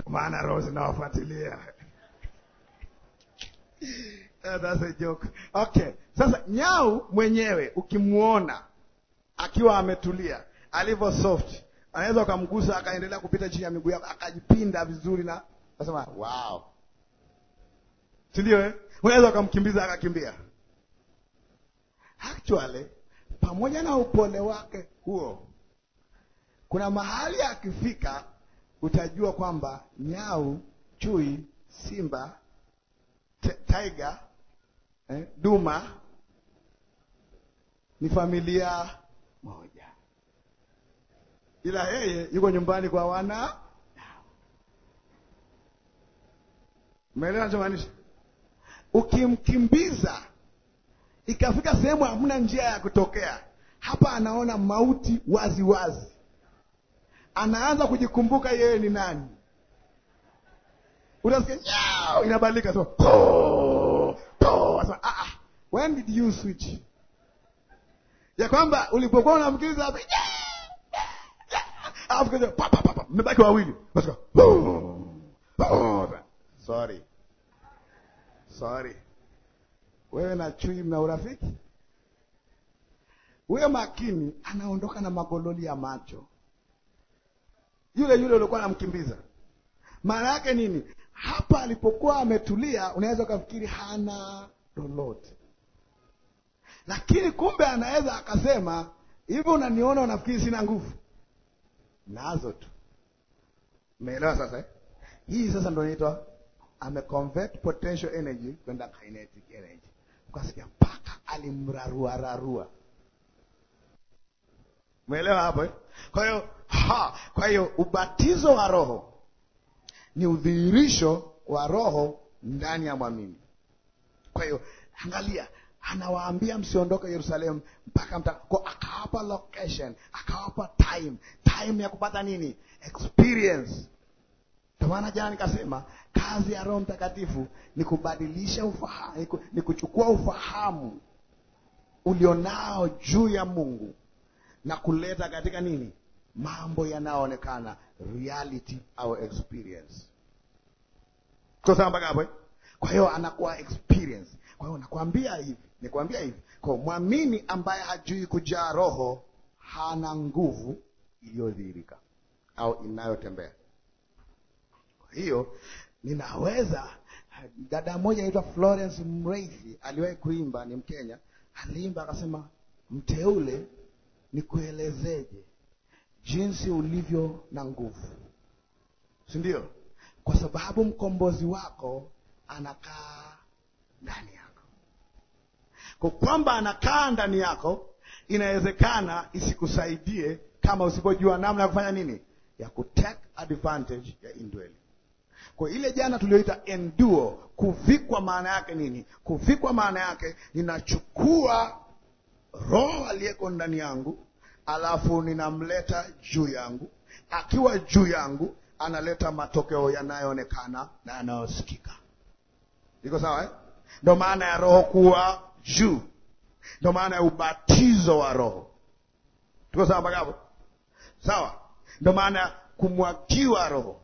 maana roho zinawafuatilia. Eh, that's a joke. Okay, sasa nyau mwenyewe ukimwona akiwa ametulia, alivyo soft, anaweza ukamgusa akaendelea kupita chini ya miguu yako akajipinda vizuri, na nasema wow, sindio eh? Unaweza ukamkimbiza akakimbia. Actually, pamoja na upole wake huo kuna mahali akifika utajua kwamba nyau, chui, simba, tiger, eh, duma ni familia moja, ila yeye yuko nyumbani kwa wana. Umeelewa nachomaanisha? Ukimkimbiza ikafika sehemu hamna njia ya kutokea, hapa anaona mauti wazi wazi anaanza kujikumbuka yeye ni nani. Utasikia inabadilika so, po, po, asema, ah, ah, when did you switch? Ya kwamba ulipokuwa unamkiliza mmebaki wawili, sorry sorry, wewe na chui mna urafiki. Huyo makini anaondoka na magololi ya macho yule yule uliokuwa anamkimbiza Maana yake nini? Hapa alipokuwa ametulia, unaweza ukafikiri hana lolote, lakini kumbe anaweza akasema hivyo, unaniona unafikiri sina nguvu? Nazo tu. Umeelewa sasa eh? Hii sasa ndio inaitwa ameconvert potential energy kwenda kinetic energy. Ukasikia mpaka alimraruararua. Umeelewa hapo eh? Kwa hiyo ha. Kwa hiyo ubatizo wa Roho ni udhihirisho wa Roho ndani ya mwamini. Kwa hiyo angalia, anawaambia msiondoke Yerusalemu mpaka mta kwa, akawapa location, akawapa time, time ya kupata nini? Experience. Ndio maana jana nikasema kazi ya Roho Mtakatifu ni kubadilisha ufahamu, ni kuchukua ufahamu ulionao juu ya Mungu na kuleta katika nini? mambo yanayoonekana, reality au experience. Tuko mpaka hapo Kwa hiyo anakuwa experience. Kwa hiyo nakwambia hivi, nikwambia hivi, kwa mwamini ambaye hajui kujaa Roho hana nguvu iliyodhihirika au inayotembea. Kwa hiyo ninaweza dada mmoja anaitwa Florence Mreithi aliwahi kuimba, ni Mkenya, aliimba akasema, mteule nikuelezeje jinsi ulivyo na nguvu, sindio Kwa sababu mkombozi wako anakaa ndani yako. Kwa kwamba anakaa ndani yako, inawezekana isikusaidie kama usipojua namna ya kufanya nini, ya take advantage ya indwelling. Kwa ile jana tuliyoita enduo kuvikwa maana yake nini? Kuvikwa maana yake ninachukua roho aliyeko ndani yangu alafu ninamleta juu yangu. Akiwa juu yangu, analeta matokeo yanayoonekana na yanayosikika. Iko sawa eh? Ndo maana ya Roho kuwa juu, ndo maana ya ubatizo wa Roho. Tuko sawa mpaka hapo? Sawa, ndo maana ya kumwagiwa Roho.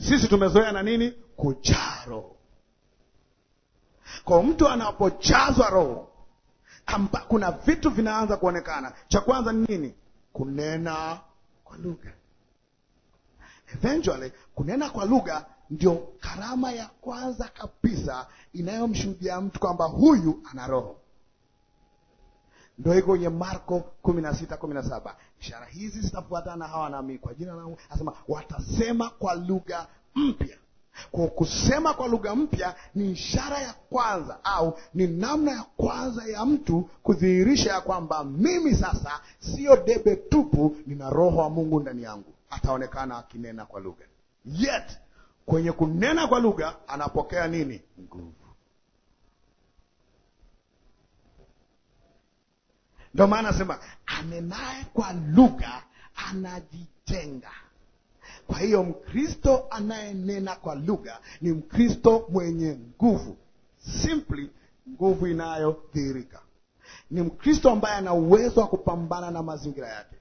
Sisi tumezoea na nini? Kujaa Roho. Kwa mtu anapojazwa Roho amba, kuna vitu vinaanza kuonekana. Cha kwanza ni nini? Kunena kwa lugha. Eventually kunena kwa lugha ndio karama ya kwanza kabisa inayomshuhudia mtu kwamba huyu ana roho. Ndio iko kwenye Marko 16:17. ishara hizi zitafuatana hawa nami kwa jina langu, asema watasema kwa lugha mpya kwa Kusema kwa lugha mpya ni ishara ya kwanza au ni namna ya kwanza ya mtu kudhihirisha ya kwamba mimi sasa siyo debe tupu, nina roho wa Mungu ndani yangu. Ataonekana akinena kwa lugha. Yet kwenye kunena kwa lugha anapokea nini? Nguvu. Ndio maana anasema anenaye kwa lugha anajitenga kwa hiyo Mkristo anayenena kwa lugha ni Mkristo mwenye nguvu, simply nguvu inayodhihirika. Ni Mkristo ambaye ana uwezo wa kupambana na mazingira yake,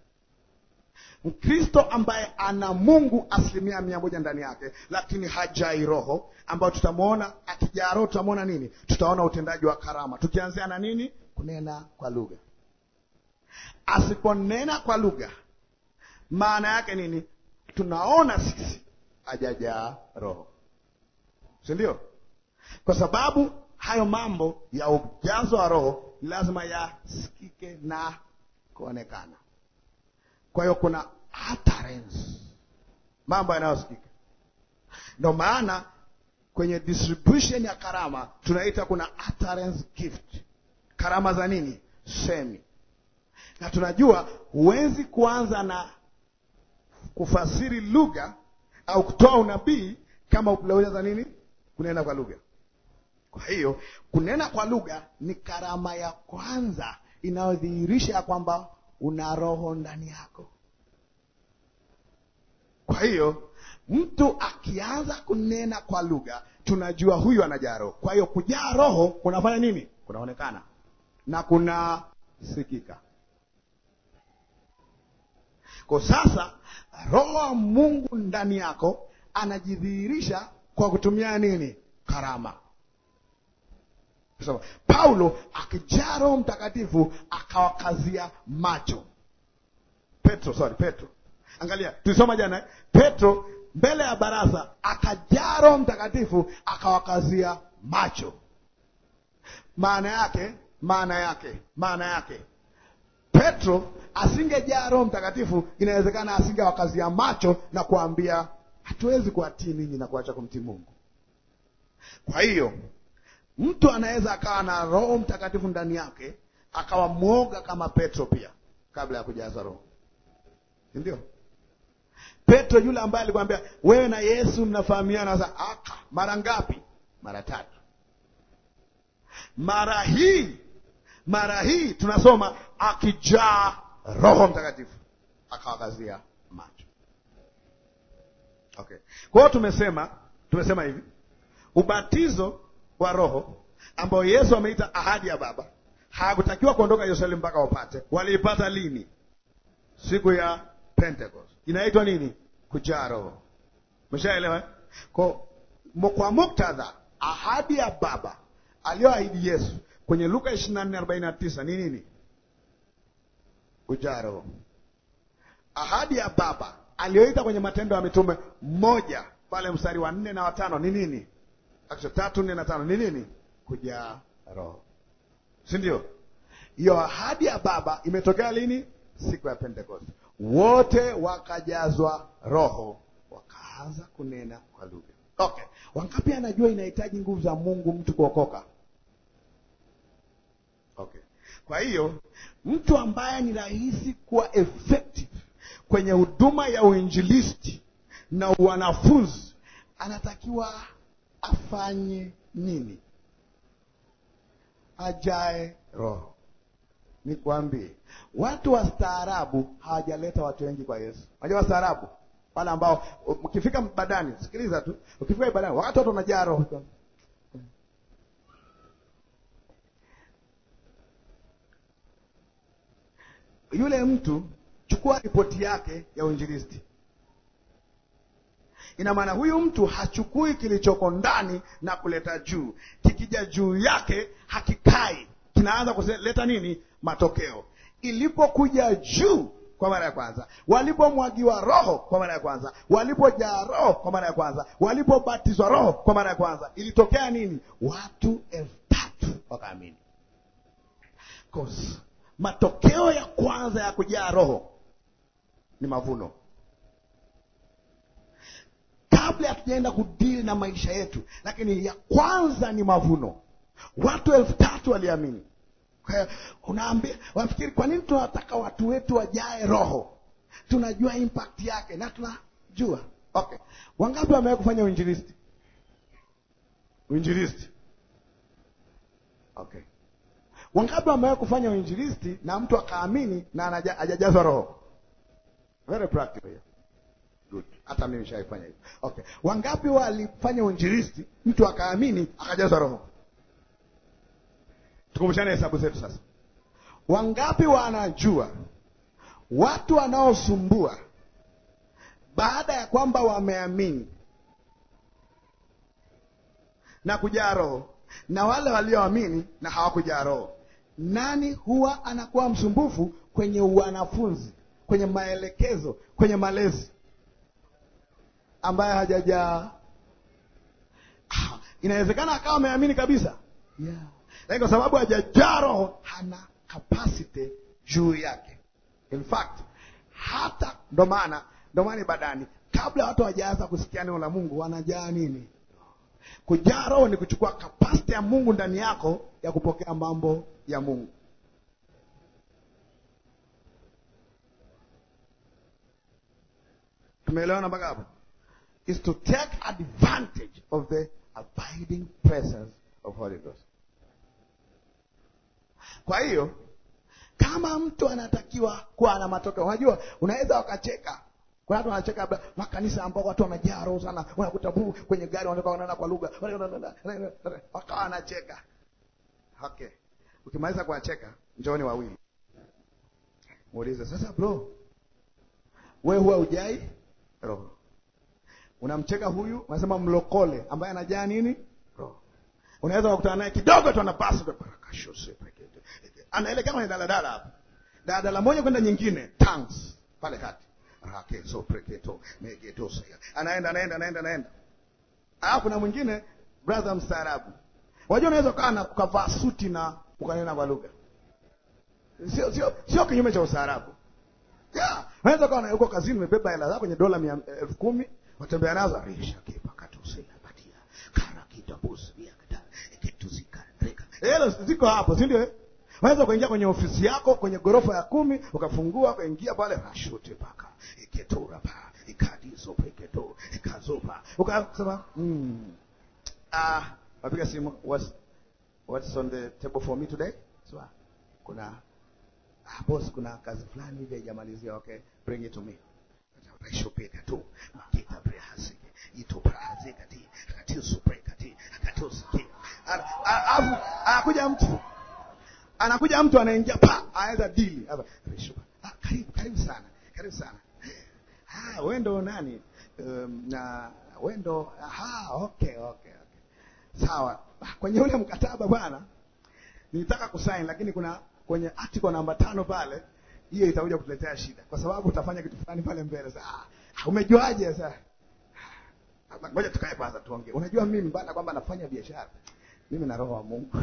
Mkristo ambaye ana Mungu asilimia mia moja ndani yake, lakini hajai Roho, ambayo tutamwona akijaa Roho. Tutamwona nini? Tutaona utendaji wa karama, tukianzia na nini? Kunena kwa lugha. Asiponena kwa lugha, maana yake nini? tunaona sisi hajajaa Roho, si ndio? Kwa sababu hayo mambo ya ujazo wa Roho lazima yasikike na kuonekana. Kwa hiyo kuna utterance, mambo yanayosikika. Ndio maana kwenye distribution ya karama tunaita kuna utterance gift, karama za nini? Semi. Na tunajua huwezi kuanza na kufasiri lugha au kutoa unabii kama upulauza za nini? Kunena kwa lugha. Kwa hiyo kunena kwa lugha ni karama ya kwanza inayodhihirisha kwamba una roho ndani yako. Kwa hiyo mtu akianza kunena kwa lugha, tunajua huyu anajaa roho. Kwa hiyo kujaa roho kunafanya nini? Kunaonekana na kunasikika. Kwa sasa Roho wa Mungu ndani yako anajidhihirisha kwa kutumia nini? Karama. Sasa Paulo akijaa Roho Mtakatifu akawakazia macho Petro, sorry, Petro. Angalia, tulisoma jana Petro mbele ya baraza akajaa Roho Mtakatifu akawakazia macho. Maana yake, maana yake, maana yake Petro asingejaa Roho Mtakatifu, inawezekana asingewakazia macho na kuambia hatuwezi kuwatii ninyi na kuacha kumtii Mungu. Kwa hiyo mtu anaweza akawa na Roho Mtakatifu ndani yake akawa mwoga kama Petro pia kabla ya kujaza Roho, sindio ndio? Petro yule ambaye alikwambia wewe na Yesu mnafahamiana. Sasa aka mara ngapi? Mara tatu. Mara hii mara hii tunasoma akijaa Roho Mtakatifu akawagazia macho. Okay, kwa hiyo tumesema tumesema hivi ubatizo wa Roho ambao Yesu ameita ahadi ya Baba hakutakiwa kuondoka Yerusalemu mpaka wapate. Waliipata lini? Siku ya Pentecost. Inaitwa nini? Kujaa Roho. Umeshaelewa? Kwa kwa muktadha ahadi ya Baba aliyoahidi Yesu kwenye Luka 24:49 ni nini? Ujaro, ahadi ya Baba aliyoita kwenye Matendo ya Mitume moja pale mstari wa nne na watano ni nini? tatu nne na tano ni nini? Kujaa Roho, si ndio? Hiyo ahadi ya Baba imetokea lini? Siku ya Pentekoste, wote wakajazwa Roho, wakaanza kunena kwa lugha. Okay, wangapi anajua inahitaji nguvu za Mungu mtu kuokoka? Kwa hiyo mtu ambaye ni rahisi kuwa effective kwenye huduma ya uinjilisti na wanafunzi anatakiwa afanye nini? Ajae Roho. Nikwambie, watu wastaarabu hawajaleta watu wengi kwa Yesu. Unajua wastaarabu wale ambao ukifika mbadani sikiliza tu, ukifika badani wakati watu wanajaa Roho yule mtu, chukua ripoti yake ya uinjilisti. Ina maana huyu mtu hachukui kilichoko ndani na kuleta juu. Kikija juu yake hakikai, kinaanza kuleta nini? Matokeo. Ilipokuja juu kwa mara ya kwanza, walipomwagiwa Roho kwa mara ya kwanza, walipojaa Roho kwa mara ya kwanza, walipobatizwa Roho kwa mara ya kwanza, ilitokea nini? Watu elfu tatu wakaamini. Matokeo ya kwanza ya kujaa Roho ni mavuno. Kabla hatujaenda kudili na maisha yetu, lakini ya kwanza ni mavuno. Watu elfu tatu waliamini. Unaambia, wafikiri kwa nini tunataka watu wetu wajae Roho? Tunajua impact yake na tunajua okay. Wangapi wamewai kufanya uinjiristi uinjiristi okay Wangapi wamewahi kufanya uinjilisti na mtu akaamini na hajajazwa roho? Very practical hiyo. Good. Hata mimi nishaifanya hivyo. Okay. Wangapi walifanya uinjilisti mtu akaamini akajazwa roho? Tukumbushane hesabu zetu sasa. Wangapi wanajua watu wanaosumbua baada ya kwamba wameamini na kujaa roho na wale walioamini na hawakujaa roho nani huwa anakuwa msumbufu kwenye wanafunzi, kwenye maelekezo, kwenye malezi? Ambaye hajaja ah, inawezekana akawa ameamini kabisa, yeah. Lakini kwa sababu hajajaa Roho hana capacity juu yake. In fact hata ndo maana ndo maana ibadani, kabla watu hawajaanza kusikia neno la Mungu wanajaa nini? Kujaa roho ni kuchukua kapasiti ya Mungu ndani yako ya kupokea mambo ya Mungu. Tumeelewana mpaka hapo? Is to take advantage of the abiding presence of Holy Ghost. Kwa hiyo kama mtu anatakiwa kuwa na matokeo, unajua unaweza wakacheka kwa watu wanacheka makanisa ambao watu wamejaa roho sana, wanakuta buu kwenye gari wanatoka wanaenda kwa lugha. Wakawa wanacheka. Okay. Ukimaliza kuwacheka, njooni wawili. Muulize, sasa bro, wewe huwa ujai roho. Unamcheka huyu, unasema mlokole ambaye anajaa nini? Roho. Unaweza kukutana naye kidogo tu anapasa barakashose. Anaelekea kwenye daladala hapo. Daladala moja kwenda nyingine, tanks pale kati hakezo preketo megeto saya anaenda anaenda anaenda anaenda alafu na mwingine brother mstaarabu wajua unaweza ukaa na ukavaa suti na ukanena kwa lugha sio sio sio kinyume cha ustaarabu yeah. unaweza ukawa uko kazini umebeba hela zako kwenye dola mia elfu kumi watembea nazo risha kipakatusilapatia karakitabusiakata kituzikaeka hela ziko hapo si ndio eh? Unaweza kuingia kwenye ofisi yako kwenye ghorofa ya kumi, ukafungua ukaingia pale rashute paka iketora pa ikadizo peketo ikazopa, ukasema mm, ah, wapiga simu what's, what's on the table for me today? sawa So, kuna ah, boss, kuna kazi fulani hivi haijamalizia. Okay, bring it to me rashupeka tu makita brehasi ito prahazi kati kati usupre kati kati usikia, alafu anakuja mtu Anakuja mtu anaingia pa, anaweza dili hapa. rishuka Ah, karibu karibu sana. Karibu sana. Ah, wewe ndo nani? Um, na wewe ndo ah, okay, okay, okay. Sawa. Ah, kwenye ule mkataba bwana, nilitaka kusaini lakini kuna kwenye article namba tano pale hiyo itakuja kutuletea shida kwa sababu utafanya kitu fulani pale mbele. Sasa ah, ah umejuaje sasa? Ah, ngoja tukae kwanza tuongee. Unajua mimi bana kwamba nafanya biashara. Mimi na roho wa Mungu.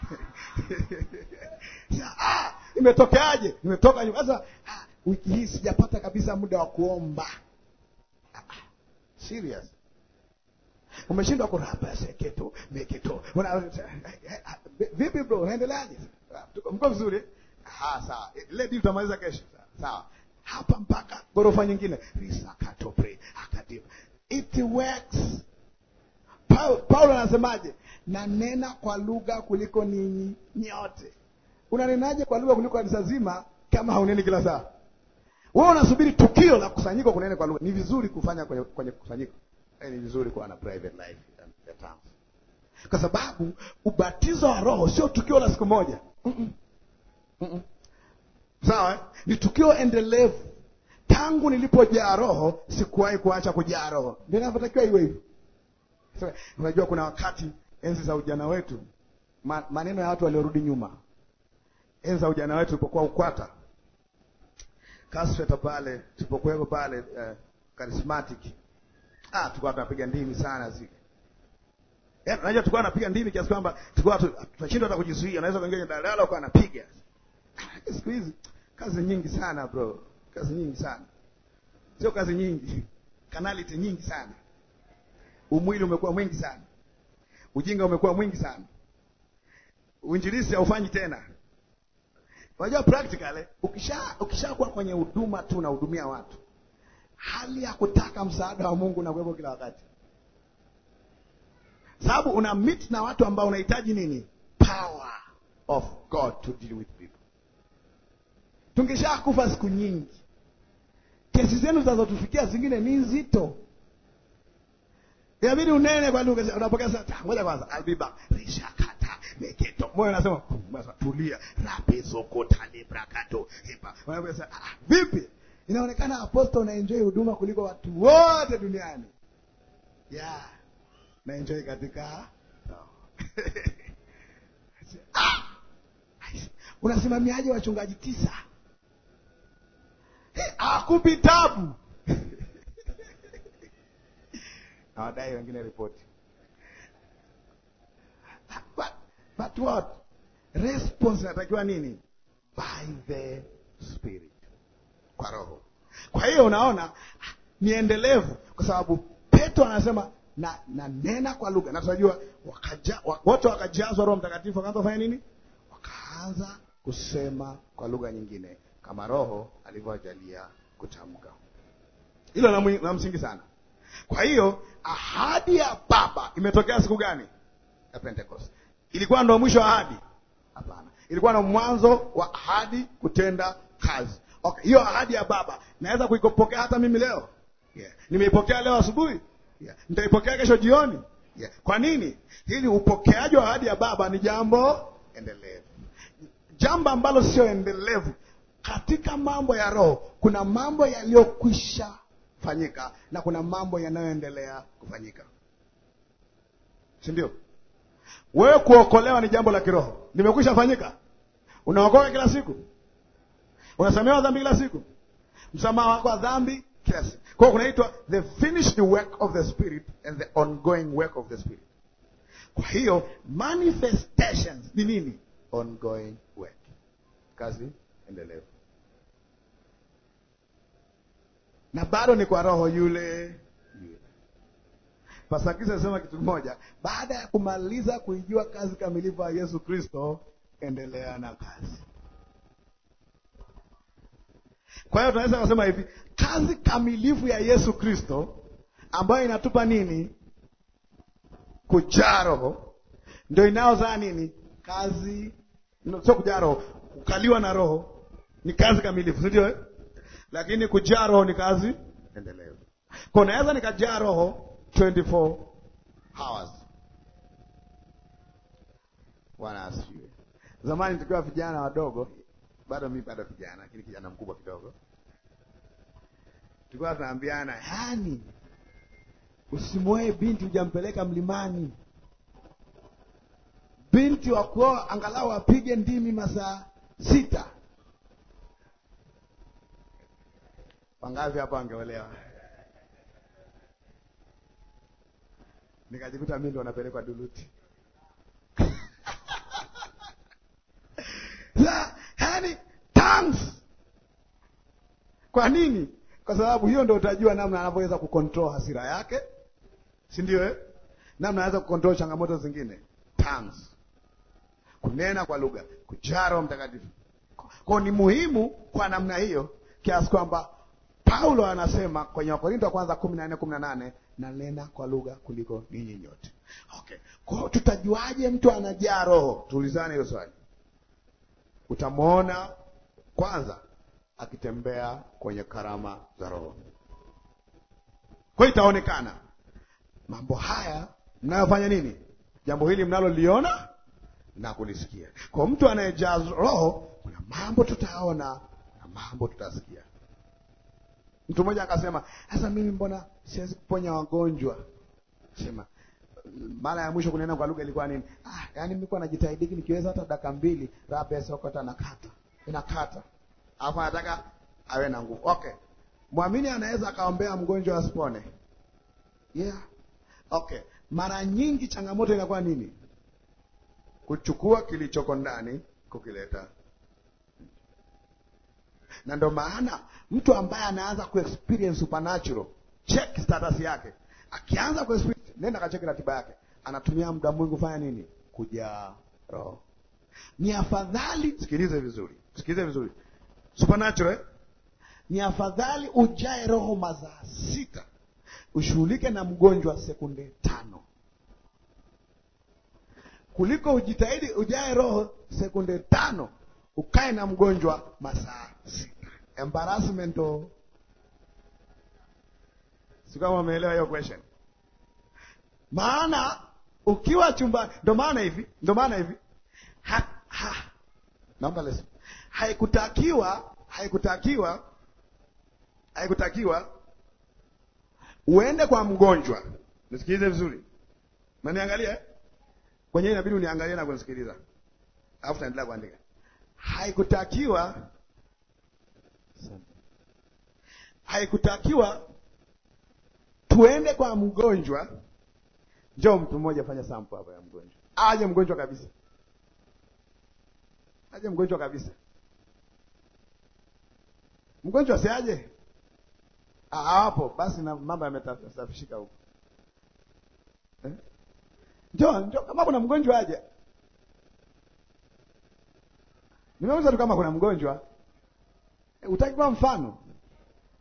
Ah, ah, imetokeaje? Imetoka Sasa ah, wiki hii sijapata kabisa muda wa kuomba. serious umeshindwa kurapa seketo meketo eh, eh, vipi bro, unaendeleaje? Mko vizuri? Ah, sawa, ile deal kesho. Sawa, hapa mpaka gorofa nyingine risakatopre akadiva it works. Paulo anasemaje? na nena kwa lugha kuliko ninyi nyote. Unanenaje kwa lugha kuliko kanisa zima kama hauneni kila saa? Wewe unasubiri tukio la kusanyiko kunene kwa lugha. Ni vizuri kufanya kwenye, kwenye kusanyiko. Eh, ni vizuri kuwa na private life kwa sababu ubatizo wa Roho sio tukio la siku moja. mm -mm. mm -mm. Sawa, eh? ni tukio endelevu. Tangu nilipojaa Roho sikuwahi kuacha kujaa Roho, ndio inavyotakiwa iwe hivyo. Unajua, kuna wakati enzi za ujana wetu, maneno ya watu waliorudi nyuma, enzi za ujana wetu tulipokuwa Ukwata kasfeta pale tulipokuwepo pale eh, charismatic ah, tulikuwa tunapiga ndimi sana zile. Eh, yaani unajua tulikuwa tunapiga ndimi kiasi kwamba tulikuwa tunashindwa hata kujizuia. Naweza kuingia dalala kwa anapiga. Ah, siku hizi kazi nyingi sana bro. Kazi nyingi sana. Sio kazi nyingi. Kanaliti nyingi sana. Umwili umekuwa mwingi sana. Ujinga umekuwa mwingi sana, uinjilisi haufanyi tena. Unajua practical eh? Ukisha ukishakuwa kwenye huduma tu unahudumia watu, hali ya kutaka msaada wa Mungu unakuwepo kila wakati, sababu una meet na watu ambao unahitaji nini, power of God to deal with people. Tungeshakufa siku nyingi. Kesi zenu zinazotufikia zingine ni nzito. Inabidi unene kwa lugha, unapokea sasa. Ngoja kwanza, albiba risha kata meketo. Moyo unasema sasa, tulia zoko tani brakato. hepa. Unapokea sasa, ah, ah, vipi? Inaonekana apostle na enjoy huduma kuliko watu wote duniani. Yeah. Na enjoy katika no. ah! Unasimamiaje wachungaji tisa? Hakupi tabu. hawadai wengine ripoti. But, but what response inatakiwa nini? By the Spirit, kwa Roho. Kwa hiyo unaona ni endelevu, kwa sababu Petro anasema na nanena kwa lugha, na tunajua wote wakajazwa Roho Mtakatifu wakaanza kufanya nini? Wakaanza kusema kwa lugha nyingine kama Roho alivyoajalia kutamka. Hilo na msingi sana. Kwa hiyo ahadi ya Baba imetokea siku gani? Ya Pentekoste. Ilikuwa ndo mwisho wa ahadi? Hapana, ilikuwa ndo mwanzo wa ahadi kutenda kazi. Okay, hiyo ahadi ya Baba naweza kuipokea hata mimi leo yeah. Nimeipokea leo asubuhi yeah. Nitaipokea kesho jioni yeah. Kwa nini? Hili upokeaji wa ahadi ya Baba ni jambo endelevu, jambo ambalo sio endelevu katika mambo ya Roho. Kuna mambo yaliyokwisha kufanyika na kuna mambo yanayoendelea kufanyika, si ndio? Wewe kuokolewa ni jambo la kiroho, limekwisha fanyika. Unaokoka kila siku, unasamehewa dhambi kila siku, msamaha wako wa dhambi kila siku. Kwa hiyo kunaitwa the finished work of the spirit and the ongoing work of the spirit. Kwa hiyo manifestations ni nini? Ongoing work, kazi endelevu. na bado ni kwa roho yule Pasakisa sema kitu kimoja, baada ya kumaliza kuijua kazi kamilifu ya Yesu Kristo, endelea na kazi. Kwa hiyo tunaweza kusema hivi, kazi kamilifu ya Yesu Kristo ambayo inatupa nini? Kujaa roho, ndio inaozaa nini? Kazi, sio kujaa roho, kukaliwa na roho ni kazi kamilifu, sindio eh? lakini kujaa roho ni kazi endelevu. Kwa naweza nikajaa roho 24 hours. Bwana asifiwe. Zamani tukiwa vijana wadogo, bado mimi bado kijana, lakini kijana mkubwa kidogo, tulikuwa tunaambiana, yani usimwoe binti hujampeleka mlimani, binti wa kuoa angalau apige ndimi masaa sita Wangapi hapa wangeolewa? Nikajikuta mimi ndo napelekwa duluti yaani tams. Kwa nini? Kwa sababu hiyo ndo utajua namna anavyoweza kucontrol hasira yake, si ndio eh? Namna anaweza kucontrol changamoto zingine tams, kunena kwa lugha, kujaa Roho Mtakatifu. Kwa ni muhimu kwa namna hiyo kiasi kwamba Paulo anasema kwenye wakorinto wa kwanza kumi na nne kumi na nane nanena kwa lugha kuliko ninyi nyote. Okay, kwao tutajuaje mtu anajaa Roho? Tuulizane hilo swali. Utamwona kwanza akitembea kwenye karama za Roho, kwa itaonekana mambo haya mnayofanya nini, jambo hili mnaloliona na kulisikia. Kwa mtu anayejaa Roho, kuna mambo tutaona na mambo tutasikia. Mtu mmoja akasema, sasa mimi mbona siwezi kuponya wagonjwa? Sema mara ya mwisho kunena kwa lugha ilikuwa nini? Ah, yani nilikuwa najitahidi nikiweza hata dakika mbili, rabe sokota nakata. Inakata. Alafu anataka awe na nguvu. Okay. Mwamini anaweza akaombea mgonjwa asipone. Yeah. Okay. Mara nyingi changamoto inakuwa nini? Kuchukua kilichoko ndani kukileta na ndio maana mtu ambaye anaanza kuexperience supernatural, check status yake. Akianza kuexperience, nenda kacheki ratiba yake, anatumia muda mwingi kufanya nini? Kuja roho. Ni afadhali, sikilize vizuri, sikilize vizuri, supernatural eh? Ni afadhali ujae roho mazaa sita ushughulike na mgonjwa sekunde tano kuliko ujitahidi ujae roho sekunde tano ukae na mgonjwa masaa sita. Embarrassment o, si kama hiyo question? Maana ukiwa chumba, ndo maana hivi, ndo maana hivi ha, ha. Naomba leso, haikutakiwa haikutakiwa haikutakiwa uende kwa mgonjwa. Nisikilize vizuri, naniangalia kwenye, inabidi uniangalie na kunisikiliza, alafu taendelea kuandika haikutakiwa haikutakiwa tuende kwa mgonjwa. Njoo mtu mmoja, fanya sampo hapa ya mgonjwa, aje mgonjwa kabisa, aje mgonjwa kabisa, mgonjwa aje ah, hawapo, basi na mambo yametafishika huko eh? Njoo, njoo kama kuna mgonjwa aje Nimeuza tu kama kuna mgonjwa. E, utaki mfano.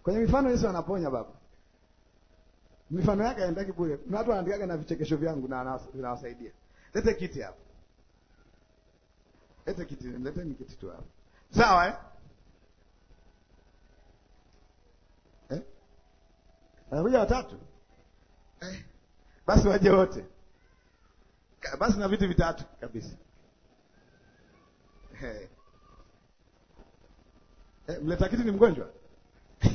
Kwenye mifano Yesu anaponya baba. Mifano yake haendaki bure. Na watu wanaandikaga na vichekesho vyangu na anawasaidia. Lete kiti hapa. Lete kiti, lete ni kiti tu hapa. Sawa eh? Eh? Anakuja watatu. Eh? Basi waje wote. Basi na vitu vitatu kabisa. Hey. Eh. Eh, mleta kiti ni mgonjwa?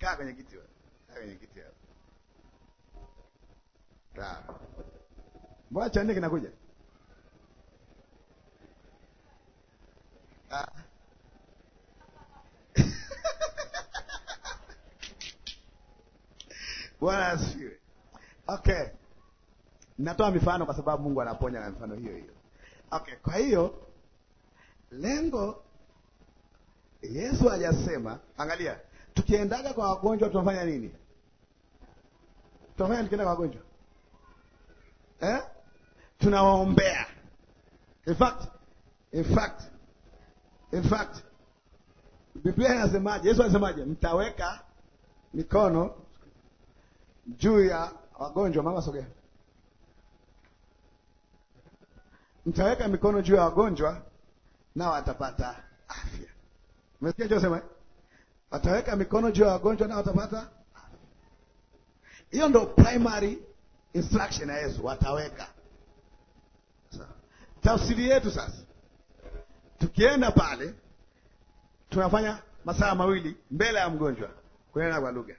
Kaa kwenye kiti wewe. Kaa kwenye kiti hapo. Sawa. Mbona cha nne kinakuja? Ah. Bwana asifiwe. Okay. Natoa mifano kwa sababu Mungu anaponya na mifano hiyo hiyo. Okay, kwa hiyo lengo Yesu hajasema. Angalia, tukiendaga kwa wagonjwa tunafanya nini? Tunafanya tukienda kwa wagonjwa eh? Tunawaombea. in fact, in fact, in fact Biblia inasemaje? Yesu anasemaje? Mtaweka mikono juu ya wagonjwa. Mama sogea. Mtaweka mikono juu ya wagonjwa nao watapata afya. Umesikia alichosema? Ataweka mikono juu ya wagonjwa na watapata. Hiyo ndo primary instruction ya Yesu, wataweka. Tafsiri yetu sasa, tukienda pale tunafanya masaa mawili mbele ya mgonjwa kunena kwa lugha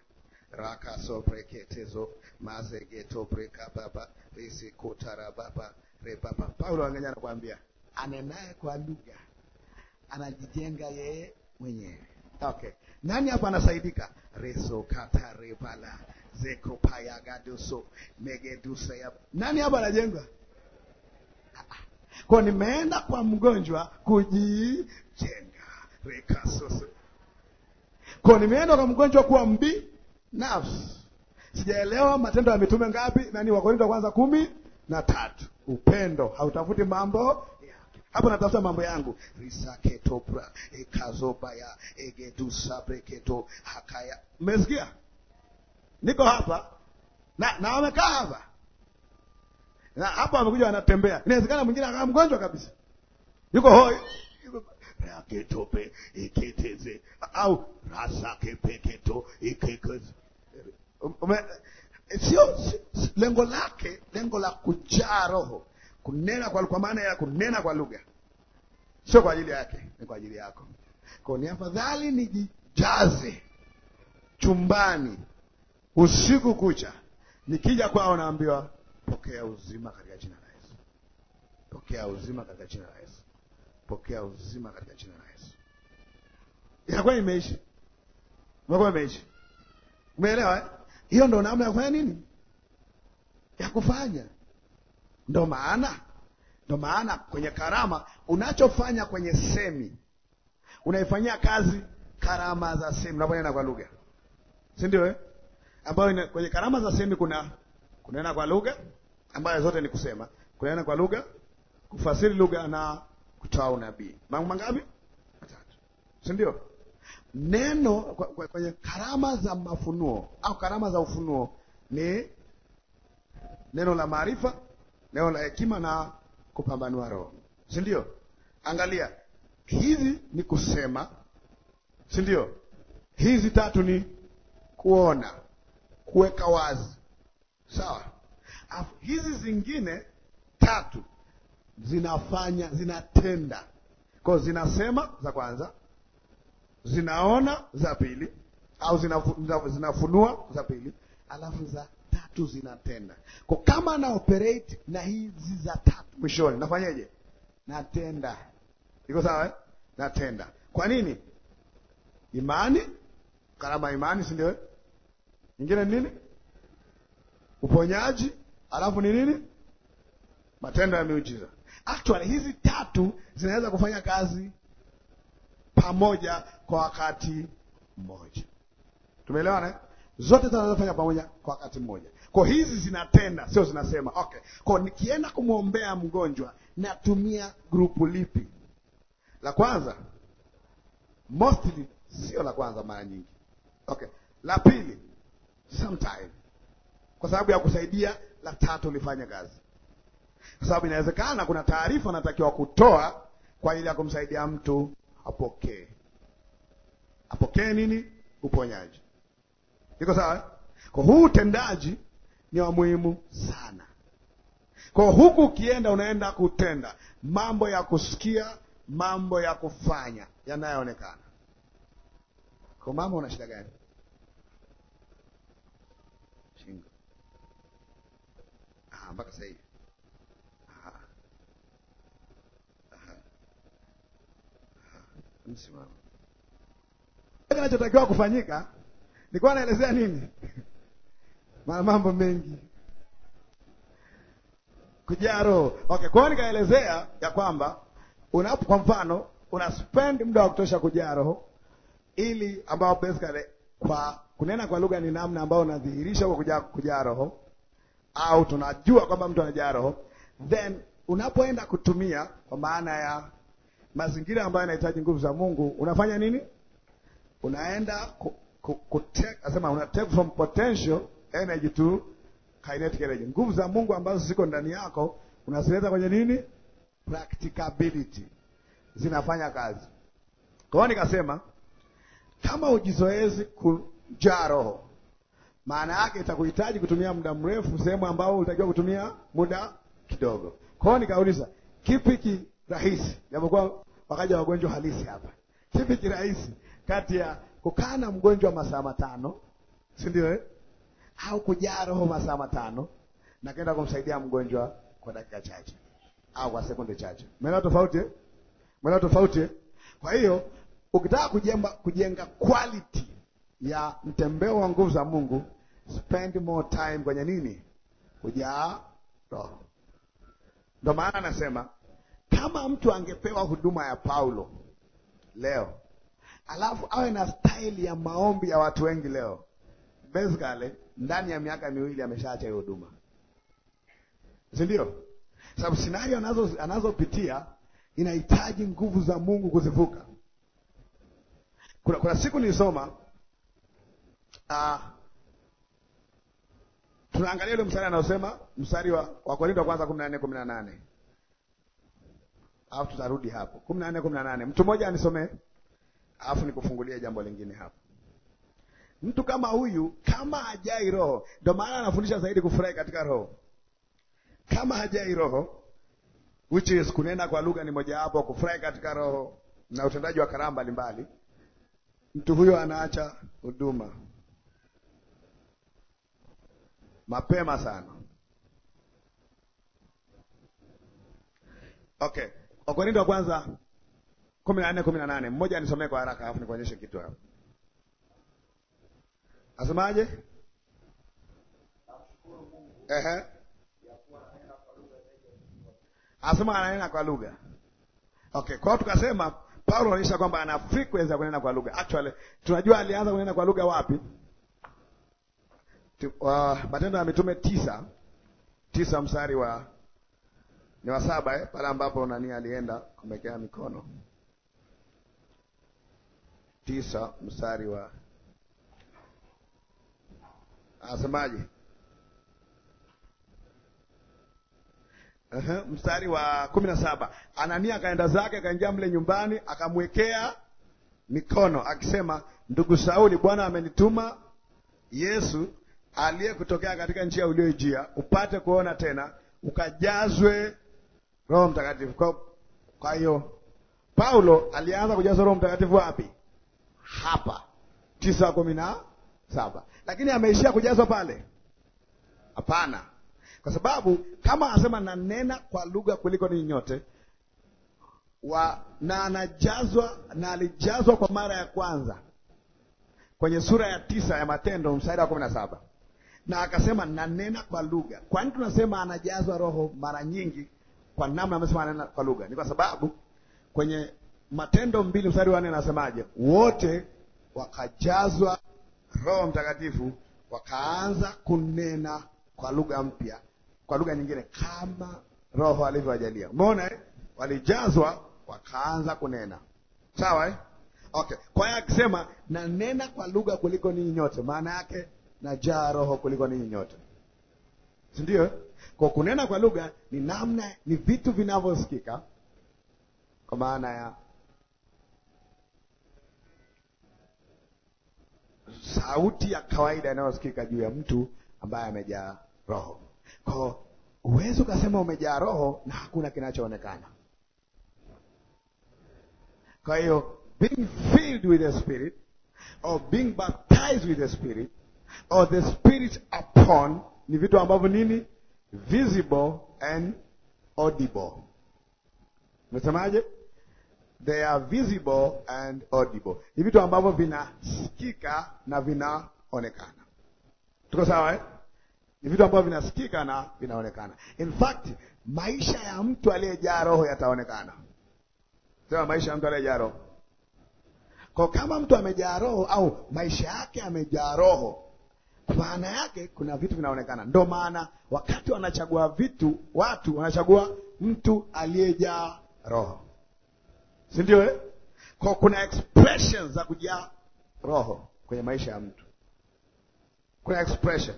rakasopreketezo mazegetorekababa risikutarababa rebaba. Paulo angenya anakuambia anenaye kwa lugha anajijenga yeye mwenyewe. Okay. Nani hapa anasaidika? rezo kata rebala zeko paya gaduso megedusa ya. Nani hapa anajenga? Kwa nimeenda kwa mgonjwa kujijenga. Rekasoso. Kwa nimeenda kwa mgonjwa kuwa mbi nafsi. Sijaelewa matendo ya mitume ngapi? Nani wa Korintho kwanza kumi na tatu. Upendo hautafuti mambo hapo natafuta mambo yangu risaketopra ekazobaya egedusabreketo hakaya mmesikia niko hapa na na wamekaa hapa na hapo amekuja wanatembea inawezekana mwingine akawa mgonjwa kabisa yuko hoi raketope iketeze au rasakepeketo ikekeze sio lengo lake lengo la kujaa roho kunena kwa, kwa maana ya kunena kwa lugha sio kwa ajili yake, ni kwa ajili yako. Kwa ni afadhali nijijaze chumbani usiku kucha, nikija kwao naambiwa pokea uzima katika jina la Yesu, pokea uzima katika jina la Yesu, pokea uzima katika jina la Yesu. Inakuwa imeishi, inakuwa imeishi. Umeelewa? Eh? Hiyo ndo namna ya kufanya nini, ya kufanya Ndo maana ndo maana kwenye karama, unachofanya kwenye semi unaifanyia kazi karama za semi, unaponena kwa lugha, si ndio eh? Ambayo kwenye karama za semi kuna kunena kwa lugha ambayo zote ni kusema, kunena kwa lugha, kufasiri lugha na kutoa unabii. Mambo mangapi? Matatu, si ndio? Neno kwenye karama za mafunuo au karama za ufunuo ni neno la maarifa neno la hekima na kupambanua roho, si ndio? Angalia, hizi ni kusema, si ndio? Hizi tatu ni kuona, kuweka wazi, sawa. Afu hizi zingine tatu zinafanya, zinatenda. Kwa zinasema za kwanza, zinaona za pili, au zinafunua za pili, alafu za tatu zinatenda. Kwa kama na operate na hizi za tatu mwishoni, nafanyeje? Natenda. Iko sawa eh? Natenda. Kwa nini? Imani, karama imani, si ndio? Nyingine nini? Uponyaji, alafu ni nini? Matendo ya miujiza. Actually hizi tatu zinaweza kufanya kazi pamoja kwa wakati mmoja. Tumeelewana? Eh? Zote zinaweza kufanya pamoja kwa wakati mmoja. Kwa hizi zinatenda, sio zinasema. Okay, kwa nikienda kumwombea mgonjwa natumia grupu lipi? La kwanza mostly, sio la kwanza mara nyingi. Okay, la pili sometime, kwa sababu ya kusaidia. La tatu lifanye kazi, kwa sababu inawezekana kuna taarifa natakiwa kutoa kwa ajili ya kumsaidia mtu apokee apokee nini? Uponyaji. Iko sawa? Kwa huu utendaji ni wa muhimu sana. Kwa huku ukienda, unaenda kutenda mambo ya kusikia, mambo ya kufanya yanayoonekana. Kwa mama, una shida gani? Shingo mpaka sasa hivi kinachotakiwa kufanyika, nilikuwa naelezea nini? mambo mengi kujaro. Okay, kwa hiyo nikaelezea ya kwamba unapo, kwa mfano, una spend muda wa kutosha kujaa roho, ili ambao basically kwa kunena kwa lugha ni namna ambayo unadhihirisha kwa kujaa kujaa roho, au tunajua kwamba mtu anajaa roho, then unapoenda kutumia kwa maana ya mazingira ambayo yanahitaji nguvu za Mungu, unafanya nini? Unaenda ku, ku, ku take, asema una take from potential energy to kinetic energy. Nguvu za Mungu ambazo ziko ndani yako unazileta kwenye nini? Practicability, zinafanya kazi. Kwa hiyo nikasema kama ujizoezi kujaa roho, maana yake itakuhitaji kutumia muda mrefu sehemu ambao ulitakiwa kutumia muda kidogo. Kwa hiyo nikauliza kipi kirahisi, japokuwa wakaja wagonjwa halisi hapa, kipi kirahisi kati ya kukaa na mgonjwa masaa matano, si ndio eh? au kujaa roho masaa matano na kwenda kumsaidia mgonjwa kwa dakika chache au kwa sekunde chache. Umeelewa tofauti? Umeelewa tofauti? Kwa hiyo ukitaka kujenga kujenga quality ya mtembeo wa nguvu za Mungu, spend more time kwenye nini? Kujaa roho. Ndio maana anasema kama mtu angepewa huduma ya Paulo leo alafu awe na style ya maombi ya watu wengi leo, basically ndani ya miaka miwili ameshaacha hiyo huduma, si ndio? Sababu sinario anazo anazopitia inahitaji nguvu za Mungu kuzivuka. Kuna, kuna siku nilisoma uh, tunaangalia ile mstari anaosema mstari wa Wakorintho wa kwanza kumi na nne kumi na nane alafu tutarudi hapo kumi na nne kumi na nane Mtu mmoja anisomee alafu nikufungulie jambo lingine hapo. Mtu kama huyu kama hajai roho, ndio maana anafundisha zaidi kufurahi katika roho. Kama hajai roho, which is kunena kwa lugha ni mojawapo, kufurahi katika roho na utendaji wa karama mbalimbali, mtu huyo anaacha huduma mapema sana. Okay, Wakorintho wa kwanza kumi na nne kumi na nane mmoja anisomee kwa haraka, alafu nikuonyeshe kitu hapo. Asemaje? Ehe, asema ananena kwa lugha. Okay, kwa hiyo tukasema Paulo anaonyesha kwamba ana frequency ya kunena kwa lugha. Actually tunajua alianza kunena kwa lugha wapi? Uh, Matendo ya Mitume tisa tisa mstari wa ni wa saba eh, pale ambapo nani alienda kumekea mikono. Tisa mstari wa Asemaje? Aha, mstari wa kumi na saba. Anania akaenda zake akaingia mle nyumbani akamwekea mikono akisema, ndugu Sauli, Bwana amenituma Yesu aliyekutokea katika njia uliyojia upate kuona tena ukajazwe Roho Mtakatifu. Kwa hiyo Paulo alianza kujazwa Roho Mtakatifu wapi? Hapa tisa kumi na saba lakini ameishia kujazwa pale? Hapana, kwa sababu kama anasema nanena kwa lugha kuliko ninyi nyote wa, na anajazwa na alijazwa kwa mara ya kwanza kwenye sura ya tisa ya Matendo mstari wa kumi na saba na akasema nanena kwa lugha. Kwa nini tunasema anajazwa Roho mara nyingi kwa namna amesema anena kwa lugha? Ni kwa sababu kwenye Matendo mbili mstari wa nne anasemaje? Wote wakajazwa Roho Mtakatifu, wakaanza kunena kwa lugha mpya, kwa lugha nyingine kama Roho alivyowajalia. Umeona eh? Walijazwa wakaanza kunena, sawa eh? Okay, kwa hiyo akisema nanena kwa lugha kuliko ninyi nyote, maana yake najaa Roho kuliko ninyi nyote, si ndio? Eh? Kwa kunena kwa lugha ni namna, ni vitu vinavyosikika kwa maana ya sauti ya kawaida inayosikika juu ya mtu ambaye amejaa roho. Kwa uwezo ukasema umejaa roho na hakuna kinachoonekana. Kwa hiyo being filled with the spirit or being baptized with the spirit or the spirit upon ni vitu ambavyo nini visible and audible. Umesemaje? they are visible and audible, ni vitu ambavyo vinasikika na vinaonekana. Tuko sawa eh? Ni vitu ambavyo vinasikika na vinaonekana. In fact, maisha ya mtu aliyejaa roho yataonekana. Sema maisha ya mtu aliyejaa roho. Kwa kama mtu amejaa roho au maisha yake amejaa roho, maana yake kuna vitu vinaonekana. Ndio maana wakati wanachagua vitu, watu wanachagua mtu aliyejaa roho si ndio eh? Kwa kuna expression za kujaa roho kwenye maisha ya mtu, kuna expression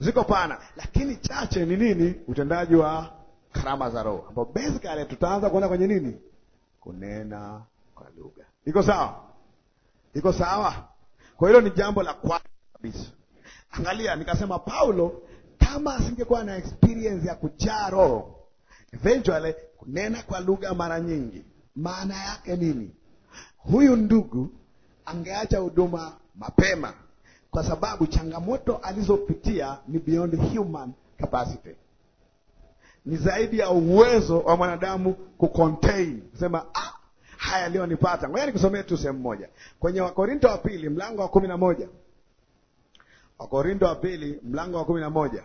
ziko pana, lakini chache ni nini? Utendaji wa karama za roho, ambao basically tutaanza kuona kwenye nini, kunena kwa lugha. Iko sawa? Iko sawa? Kwa hilo ni jambo la kwanza kabisa. Angalia, nikasema Paulo kama asingekuwa na experience ya kujaa roho, eventually kunena kwa lugha mara nyingi maana yake nini? Huyu ndugu angeacha huduma mapema, kwa sababu changamoto alizopitia ni beyond human capacity, ni zaidi ya uwezo wa mwanadamu kucontain, kusema ah, haya yaliyonipata. Ngoja nikusomee tu sehemu moja kwenye Wakorinto wa pili mlango wa kumi na moja Wakorinto wa pili mlango wa kumi na moja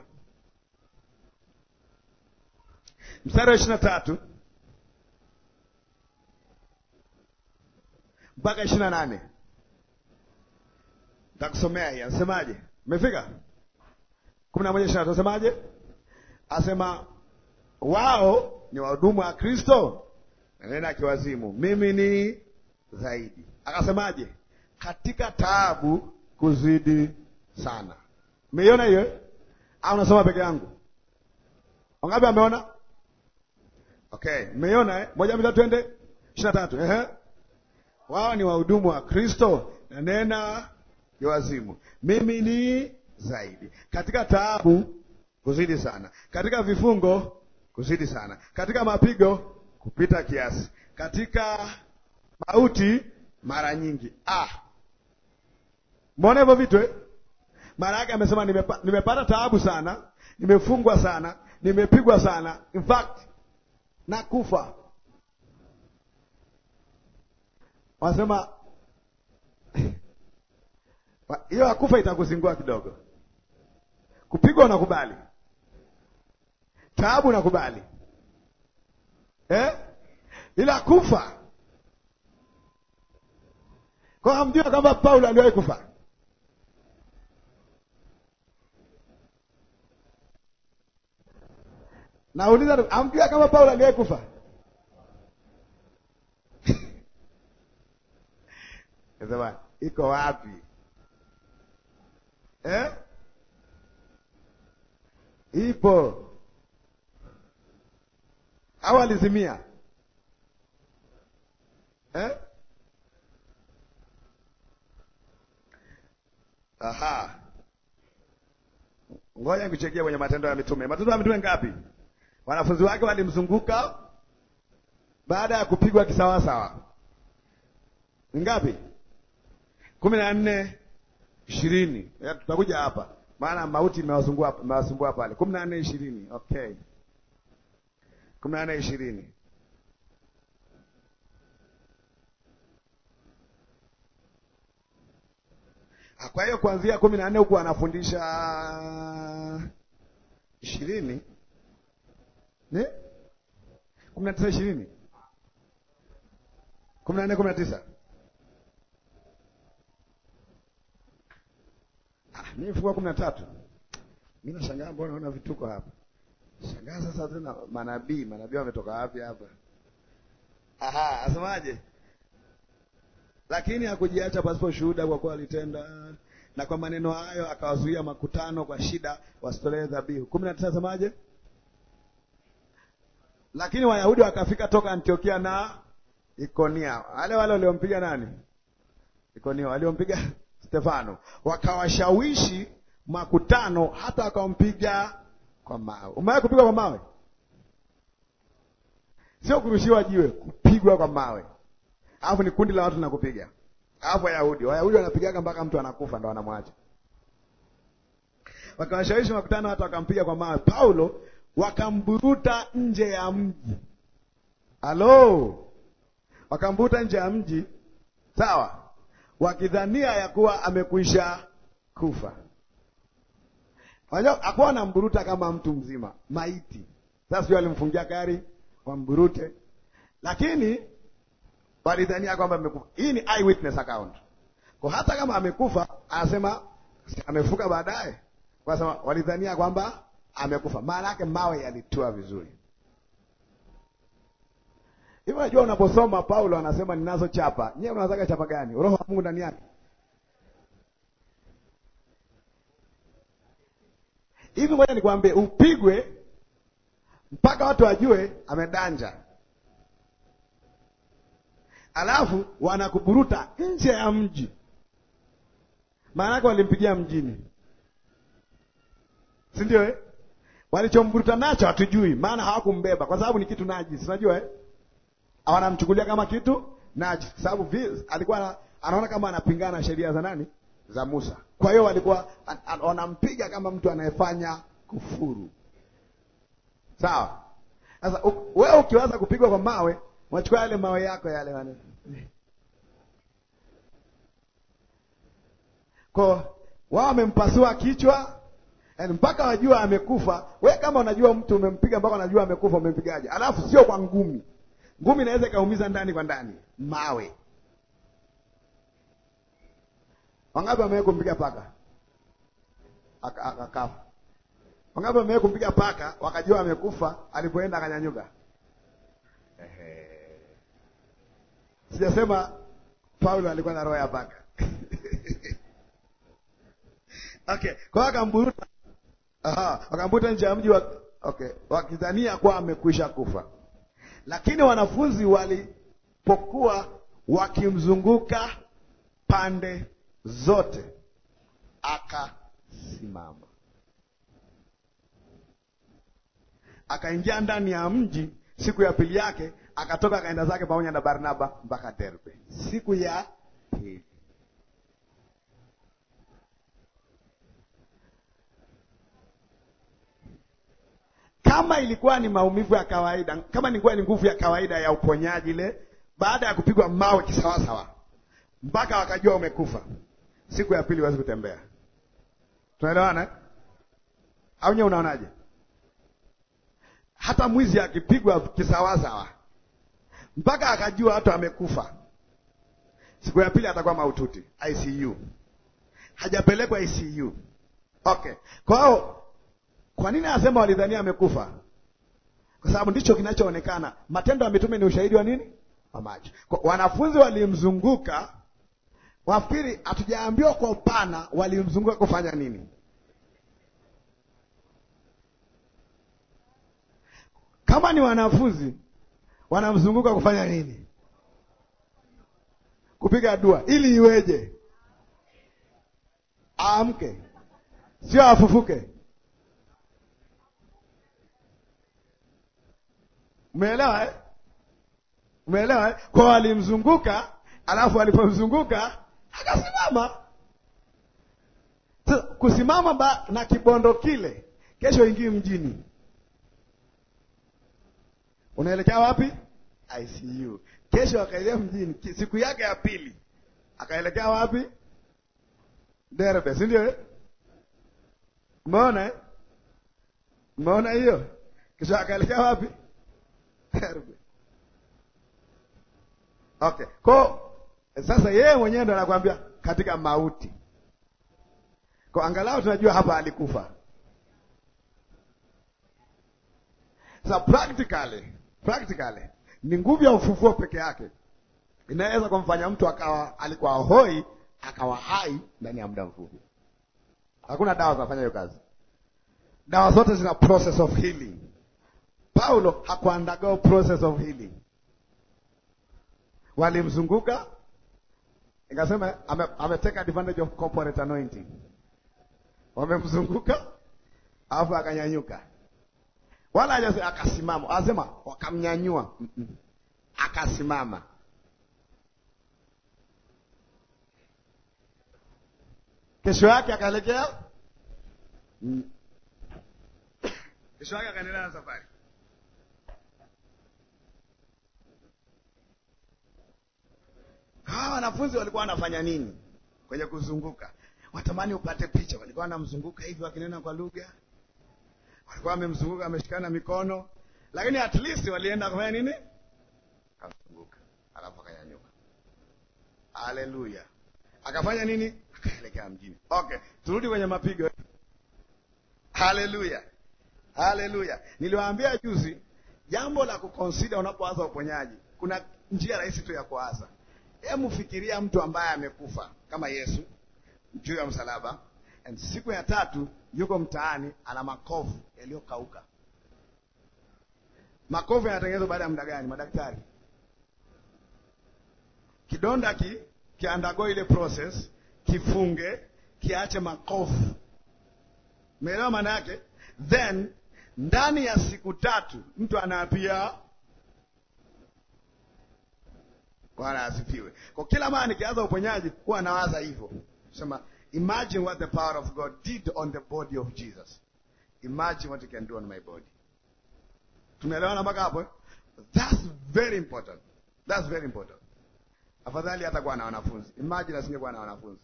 mstari wa ishirini na tatu mpaka ishirini na nane takusomea hii. Anasemaje? mefika kumi na moja ishirini na Asema wao ni wahudumu wa Kristo nena kiwazimu, mimi ni zaidi. Akasemaje? katika taabu kuzidi sana. meiona hiyo au unasoma peke yangu? Wangapi ameona? Okay, mmeiona eh? Moja, mbili, tatu, twende ishirini na tatu wao ni wahudumu wa Kristo na nena ni wazimu. Mimi ni zaidi katika taabu kuzidi sana, katika vifungo kuzidi sana, katika mapigo kupita kiasi, katika mauti mara nyingi. Ah, mbona hivyo vitu eh? Mara yake amesema nimepa, nimepata taabu sana, nimefungwa sana, nimepigwa sana, in fact nakufa wanasema hiyo akufa itakuzingua kidogo, kupigwa unakubali, taabu unakubali eh? ila kufa kwa hamjua kwamba Paulo aliwahi kufa nauliza, hamjua kama Paulo aliwahi kufa Sema iko wapi eh? Ipo au alizimia eh? Aha, ngoja nikuchekia kwenye Matendo ya Mitume. Matendo ya Mitume ngapi? Wanafunzi wake walimzunguka baada ya kupigwa kisawasawa, ngapi? kumi na nne ishirini tutakuja hapa, maana mauti imewasumbua pale. kumi na nne ishirini okay, kumi na nne ishirini ah, Kwa hiyo kuanzia kumi na nne huku anafundisha ishirini kumi na tisa ishirini kumi na nne kumi na tisa Ah, mi nifungua kumi na tatu. Mimi nashangaa mbona naona vituko hapa. Shangaa sasa tena manabii, manabii wametoka wapi hapa? asemaje? Lakini hakujiacha pasipo shuhuda kwa kuwa alitenda na kwa maneno hayo akawazuia makutano kwa shida wasitolee dhabihu. kumi na tisa asemaje? Lakini Wayahudi wakafika toka Antiokia na Ikonia, wale wale waliompiga nani? Ikonia waliompiga Stefano, wakawashawishi makutano hata wakampiga kwa mawe. Umewahi kupigwa kwa mawe? Sio kurushiwa jiwe, kupigwa kwa mawe, alafu ni kundi la watu nakupiga, alafu Wayahudi, Wayahudi wanapigaga mpaka mtu anakufa ndo wanamwacha. Wakawashawishi makutano hata wakampiga kwa mawe. Paulo wakamburuta nje ya mji. Halo, wakamburuta nje ya mji, sawa wakidhania ya kuwa amekwisha kufa. Unajua akuwa anamburuta kama mtu mzima, maiti. Sasa sio alimfungia gari wamburute, lakini walidhania kwamba amekufa. Hii ni eyewitness account. Kwa hata kama amekufa, anasema amefuka baadaye, wanasema walidhania kwamba amekufa, maana yake mawe yalitua vizuri. Hivi unajua unaposoma Paulo anasema ninazo chapa. Nyewe unataka chapa gani? Roho wa Mungu ndani yake. Hivi ngoja nikwambie upigwe mpaka watu wajue amedanja. Alafu wanakuburuta nje ya mji. Maana yake walimpigia mjini. Si ndio eh? Walichomburuta nacho hatujui, maana hawakumbeba kwa sababu ni kitu najisi, unajua eh? wanamchukulia kama kitu najisi, sababu alikuwa anaona kama anapingana na sheria za nani za Musa. Kwa hiyo walikuwa wanampiga kama mtu anayefanya kufuru. Sawa. Sasa wewe ukiwaza kupigwa kwa mawe, unachukua yale mawe yako yale wale kwa wao wamempasua kichwa mpaka wajua amekufa. We kama unajua mtu umempiga mpaka unajua amekufa, umempigaje? Alafu sio kwa ngumi, Ngumi inaweza ikaumiza ndani kwa ndani, mawe. Wangapi wamewahi kumpiga paka akakafa Wangapi wamewahi kumpiga paka wakajua amekufa, alipoenda akanyanyuka? Ehe, sijasema Paulo alikuwa na roho ya paka okay. Kwa wakamburuta, aha, nje ya mji wa okay, wakidhania kuwa amekwisha kufa. Lakini wanafunzi walipokuwa wakimzunguka pande zote, akasimama, akaingia ndani ya mji. Siku ya pili yake akatoka akaenda zake pamoja na Barnaba mpaka Derbe. Siku ya pili Kama ilikuwa ni maumivu ya kawaida, kama ilikuwa ni nguvu ya kawaida ya uponyaji ile, baada ya kupigwa mawe kisawasawa mpaka wakajua umekufa, siku ya pili huwezi kutembea. Tunaelewana au nyewe? Unaonaje? Hata mwizi akipigwa kisawasawa mpaka akajua hata amekufa, siku ya pili atakuwa maututi ICU, hajapelekwa ICU. Okay, kwa hiyo kwa nini anasema walidhania amekufa? Kwa sababu ndicho kinachoonekana. Matendo ya Mitume ni ushahidi wa nini? Wa macho. Wanafunzi walimzunguka, wafikiri hatujaambiwa kwa upana, walimzunguka kufanya nini? Kama ni wanafunzi wanamzunguka kufanya nini? Kupiga dua ili iweje? Aamke, sio afufuke. Umeelewa eh? Umeelewa eh? kwa alimzunguka, alafu alipomzunguka akasimama. Sasa kusimama ba, na kibondo kile, kesho ingii mjini, unaelekea wapi? ICU. Kesho akaelekea mjini, siku yake ya pili akaelekea wapi? Derbe, si ndio eh? Umeona eh? Umeona hiyo? Kesho akaelekea wapi? okay. ko sasa yeye mwenyewe ndo anakuambia katika mauti. ko angalau tunajua hapa alikufa. Sasa practically, practically ni nguvu ya ufufuo peke yake inaweza kumfanya mtu akawa alikuwa hoi akawa hai ndani ya muda mfupi. Hakuna dawa zinafanya hiyo kazi. Dawa zote zina process of healing. Paulo hakuandago process of healing. Walimzunguka ikasema ame, ameteka advantage of corporate anointing. Wamemzunguka alafu akanyanyuka, wala hajasema akasimama, asema wakamnyanyua Akasimama. Kesho yake akaelekea, mm. kesho yake akaendelea na safari. wanafunzi walikuwa wanafanya nini kwenye kuzunguka? Watamani upate picha. Walikuwa wanamzunguka hivi wakinena kwa lugha, walikuwa wamemzunguka wameshikana mikono, lakini at least walienda kufanya nini? Akazunguka alafu akanyanyuka. Haleluya! akafanya nini? Akaelekea mjini. Okay, turudi kwenye mapigo. Haleluya, haleluya! Niliwaambia juzi jambo la kukonsida unapoanza uponyaji, kuna njia rahisi tu ya kuanza Hebu fikiria mtu ambaye amekufa kama Yesu juu ya msalaba, and siku ya tatu yuko mtaani, ana makovu yaliyokauka. Makovu yanatengenezwa baada ya muda gani? Madaktari, kidonda ki kiandago ile process, kifunge, kiache makovu. Umeelewa maana yake? Then ndani ya siku tatu mtu anaapia Bwana asifiwe. Kwa kila mara nikianza uponyaji huwa nawaza hivyo. Sema imagine what the power of God did on the body of Jesus. Imagine what you can do on my body. Tumeelewana mpaka hapo? Eh? That's very important. That's very important. Afadhali hata kwa na wanafunzi. Imagine asingekuwa na wanafunzi.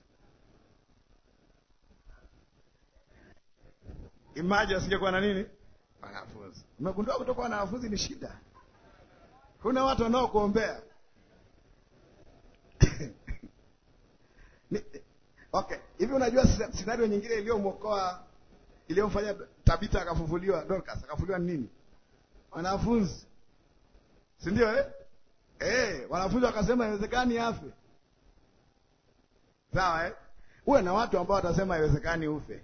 Imagine asingekuwa na nini? Wanafunzi. Umegundua kutokuwa na wanafunzi ni shida. Kuna watu wanaokuombea okay hivi unajua scenario nyingine iliyomwokoa iliyomfanya Tabita akafufuliwa Dorcas akafufuliwa nini? Wanafunzi, si ndio eh? Eh, wanafunzi wakasema haiwezekani afe. Sawa eh? Uwe na watu ambao watasema haiwezekani ufe,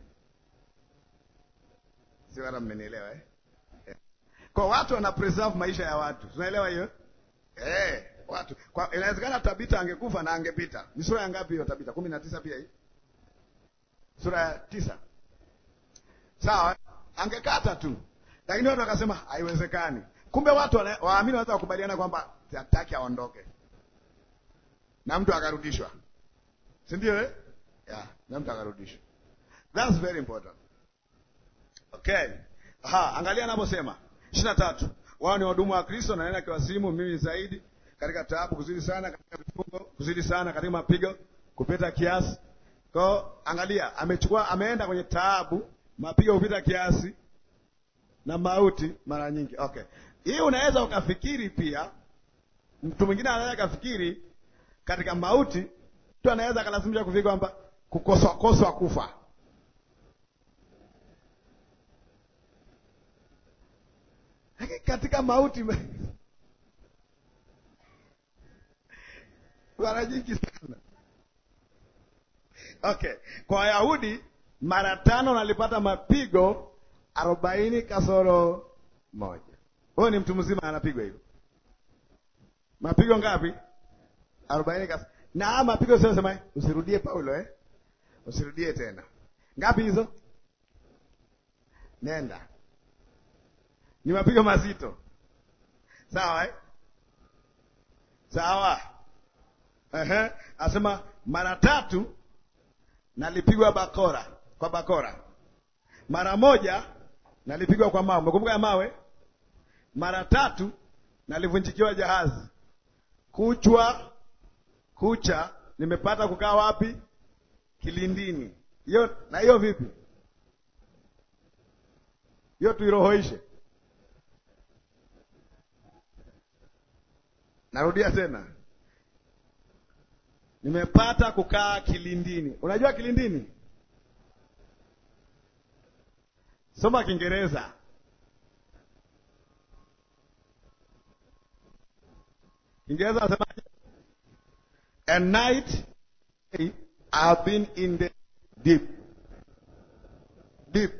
si kama mmenielewa eh? eh? Kwa watu wana preserve maisha ya watu, tunaelewa hiyo eh? watu. Kwa inawezekana Tabita angekufa na angepita. Ni sura ya ngapi hiyo Tabita? 19 pia hii. Sura ya tisa. Sawa? Angekata tu. Lakini watu wakasema haiwezekani. Kumbe watu waamini wanaweza kukubaliana kwamba hataki aondoke. Na mtu akarudishwa. Si ndio eh? Yeah, na mtu akarudishwa. That's very important. Okay. Aha, angalia anaposema. 23. Wao ni wadumu wa Kristo na nena kwa mimi zaidi katika taabu kuzidi sana, katika vifungo kuzidi sana, katika mapigo kupita kiasi. Kwa angalia, amechukua ameenda kwenye taabu, mapigo kupita kiasi na mauti mara nyingi. Okay, hii unaweza ukafikiri pia, mtu mwingine anaweza kafikiri katika mauti mtu anaweza akalazimisha kufika kwamba kukoswa koswa kufa katika mauti mara nyingi sana. Okay, kwa Wayahudi mara tano nalipata mapigo arobaini kasoro moja. Huyo ni mtu mzima anapigwa hivyo. Mapigo ngapi? Arobaini kas na mapigo siosema usirudie Paulo eh? Usirudie tena. Ngapi hizo? Nenda. Ni mapigo mazito. Sawa eh? Sawa. Ehe, asema mara tatu nalipigwa bakora kwa bakora, mara moja nalipigwa kwa mawe, umekumbuka ya mawe, mara tatu nalivunjikiwa jahazi, kuchwa kucha nimepata kukaa wapi? Kilindini. Hiyo na hiyo vipi? Hiyo tuirohoishe. Narudia tena, Nimepata kukaa kilindini. Unajua kilindini? Soma Kiingereza. Kiingereza nasema A night I've been in the deep. Deep.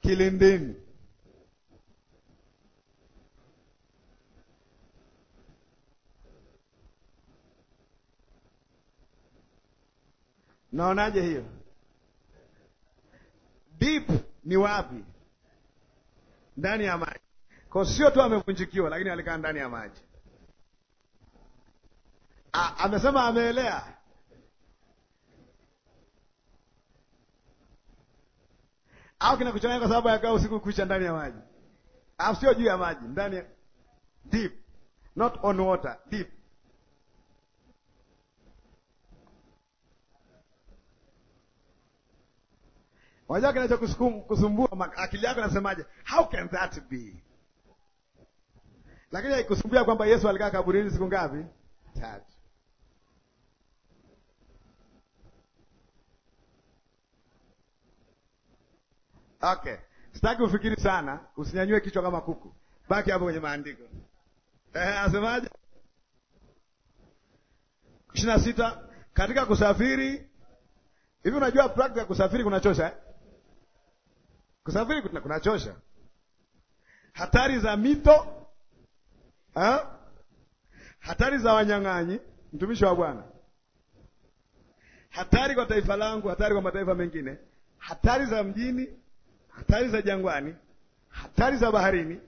Kilindini. Naonaje hiyo? Deep ni wapi? Ndani ya maji. Kwa sio tu amevunjikiwa, lakini alikaa ndani ya maji. A, amesema ameelea. Au kinakuchanganya kwa sababu yakaa usiku kucha ndani ya maji. Au sio juu ya maji, ndani ya deep, not on water, deep. Wajua kinachokusumbua akili yako nasemaje? How can that be? Lakini haikusumbua kwamba Yesu alikaa kaburini siku ngapi? Tatu. Okay. Sitaki ufikiri sana, usinyanyue kichwa kama kuku. Baki hapo kwenye maandiko. Eh, asemaje? ishirini na sita katika kusafiri hivi, unajua practice ya kusafiri kunachosha eh? Kusafiri kunachosha, hatari za mito ha? hatari za wanyang'anyi, mtumishi wa Bwana, hatari kwa taifa langu, hatari kwa mataifa mengine, hatari za mjini, hatari za jangwani, hatari za baharini,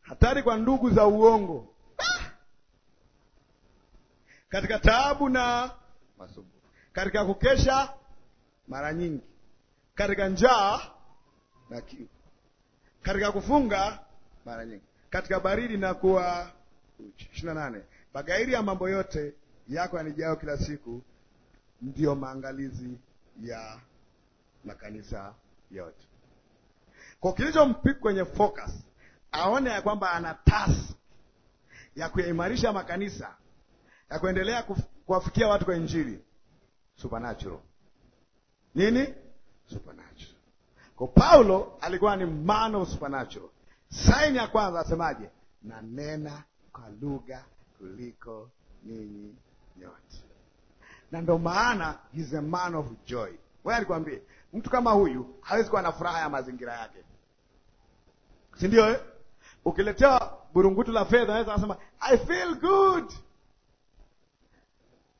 hatari kwa ndugu za uongo ah! katika taabu na masumbuko, katika kukesha mara nyingi, katika njaa na kiu, katika kufunga mara nyingi, katika baridi na kuwa uchi. ishirini na nane bagairi ya mambo yote yako yanijao kila siku, ndiyo maangalizi ya makanisa yote. Kwa kilichompiku kwenye focus, aone ya kwamba ana task ya kuyaimarisha makanisa ya kuendelea kuwafikia watu kwa Injili. Supernatural nini? Supernatural. Kwa Paulo alikuwa ni man of supernatural. Saini ya kwanza asemaje? Na nena kwa lugha kuliko ninyi nyote. Na ndo maana he's a man of joy. Wewe alikwambie mtu kama huyu hawezi kuwa na furaha ya mazingira yake, si ndio eh? Ukiletewa burungutu la fedha naweza kusema I feel good.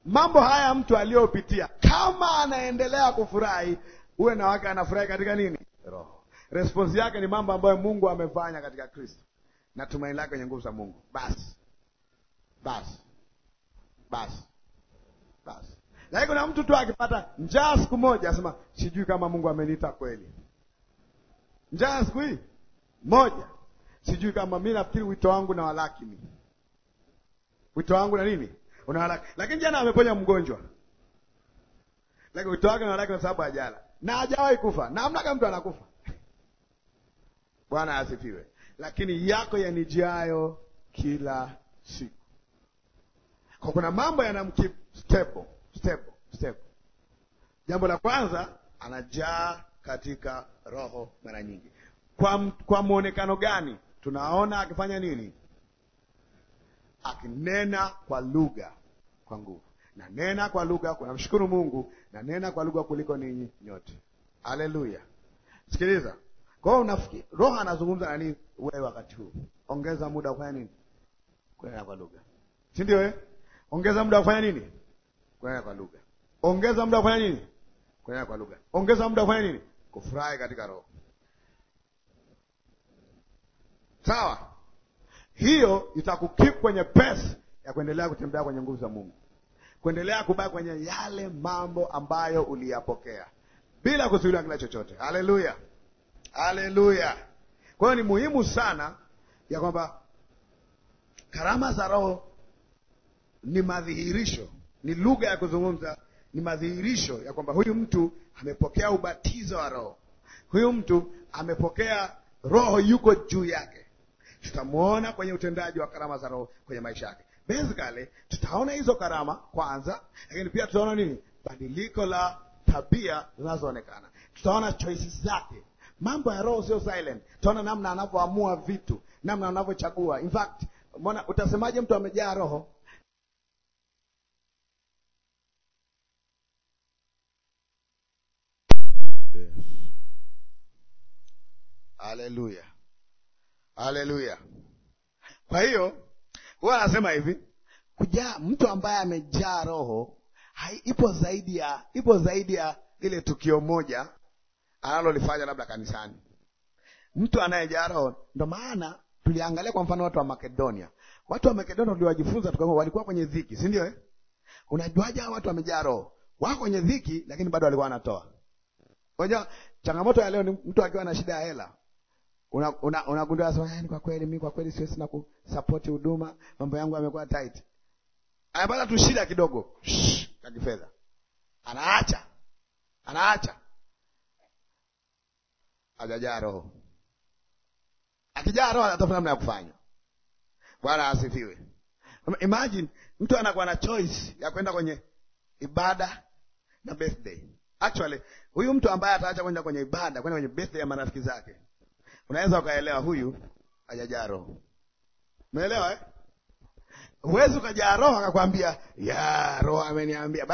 Mambo haya mtu aliyopitia, kama anaendelea kufurahi, uwe na wake anafurahi katika nini? Roho. Response yake ni mambo ambayo Mungu amefanya katika Kristo na tumaini lake kwenye nguvu za Mungu. Basi basi basi basi, lakini kuna mtu tu akipata njaa siku moja asema sijui kama Mungu ameniita kweli. Njaa siku hii moja, sijui kama mimi, nafikiri wito wangu na walaki mimi, wito wangu na nini una unawalaki. Lakini jana ameponya mgonjwa, lakini wito wake na walaki kwa sababu ajala na hajawahi kufa. Namna kama mtu anakufa Bwana asifiwe. Lakini yako yanijayo kila siku, kwa kuna mambo yanamkeep Jambo la kwanza anajaa katika roho mara nyingi. Kwa, kwa mwonekano gani tunaona akifanya nini? Akinena kwa lugha kwa nguvu nanena kwa lugha, namshukuru Mungu, nanena kwa lugha kuliko ninyi nyote. Haleluya! Sikiliza, kwa hiyo unafikiri Roho anazungumza na nini wewe wakati huu? Ongeza muda wa kufanya nini? Kunena kwa lugha, si ndio eh? Ongeza muda wa kufanya nini? Kunena kwa lugha. Ongeza muda wa kufanya nini? Kunena kwa lugha. Ongeza muda wa kufanya nini? Kufurahi katika Roho. Sawa, hiyo itakukipa kwenye pesi ya kuendelea kutembea kwenye nguvu za Mungu kuendelea kubaki kwenye yale mambo ambayo uliyapokea bila kuzuiliwa kila chochote. Haleluya, haleluya. Kwa hiyo ni muhimu sana ya kwamba karama za Roho ni madhihirisho, ni lugha ya kuzungumza, ni madhihirisho ya kwamba huyu mtu amepokea ubatizo wa Roho, huyu mtu amepokea Roho, yuko juu yake. Tutamwona kwenye utendaji wa karama za Roho kwenye maisha yake basically tutaona hizo karama kwanza, lakini pia tutaona nini, badiliko la tabia zinazoonekana. Tutaona choices zake, mambo ya roho sio silent. Tutaona namna anavyoamua vitu, namna anavyochagua. In fact, mbona utasemaje mtu amejaa roho Haleluya, haleluya! Kwa hiyo Huwa anasema hivi, kujaa mtu ambaye amejaa roho hai, ipo zaidi ya ipo zaidi ya ile tukio moja analolifanya labda kanisani. Mtu anayejaa roho, ndio maana tuliangalia kwa mfano watu wa Makedonia. Watu wa Makedonia tuliwajifunza, tukaona walikuwa kwenye dhiki, si ndio eh? Unajuaje hao watu wamejaa roho? Wako kwenye dhiki, lakini bado walikuwa wanatoa. Unajua changamoto ya leo ni mtu akiwa na shida ya hela unagundua una, una sasa, eh, kwa kweli mimi kwa kweli siwezi na kusapoti huduma, mambo yangu yamekuwa tight. Anapata tu shida kidogo ya kifedha, anaacha anaacha, hajajaa roho. Akijaa roho anatafuta namna ya kufanya. Bwana asifiwe. Imagine mtu anakuwa na choice ya kwenda kwenye ibada na birthday. Actually, huyu mtu ambaye ataacha kwenda kwenye ibada, kwenda kwenye birthday ya marafiki zake unaweza ukaelewa huyu ajajaa roho. Umeelewa eh? Huwezi ukajaa roho akakwambia ya roho ameniambia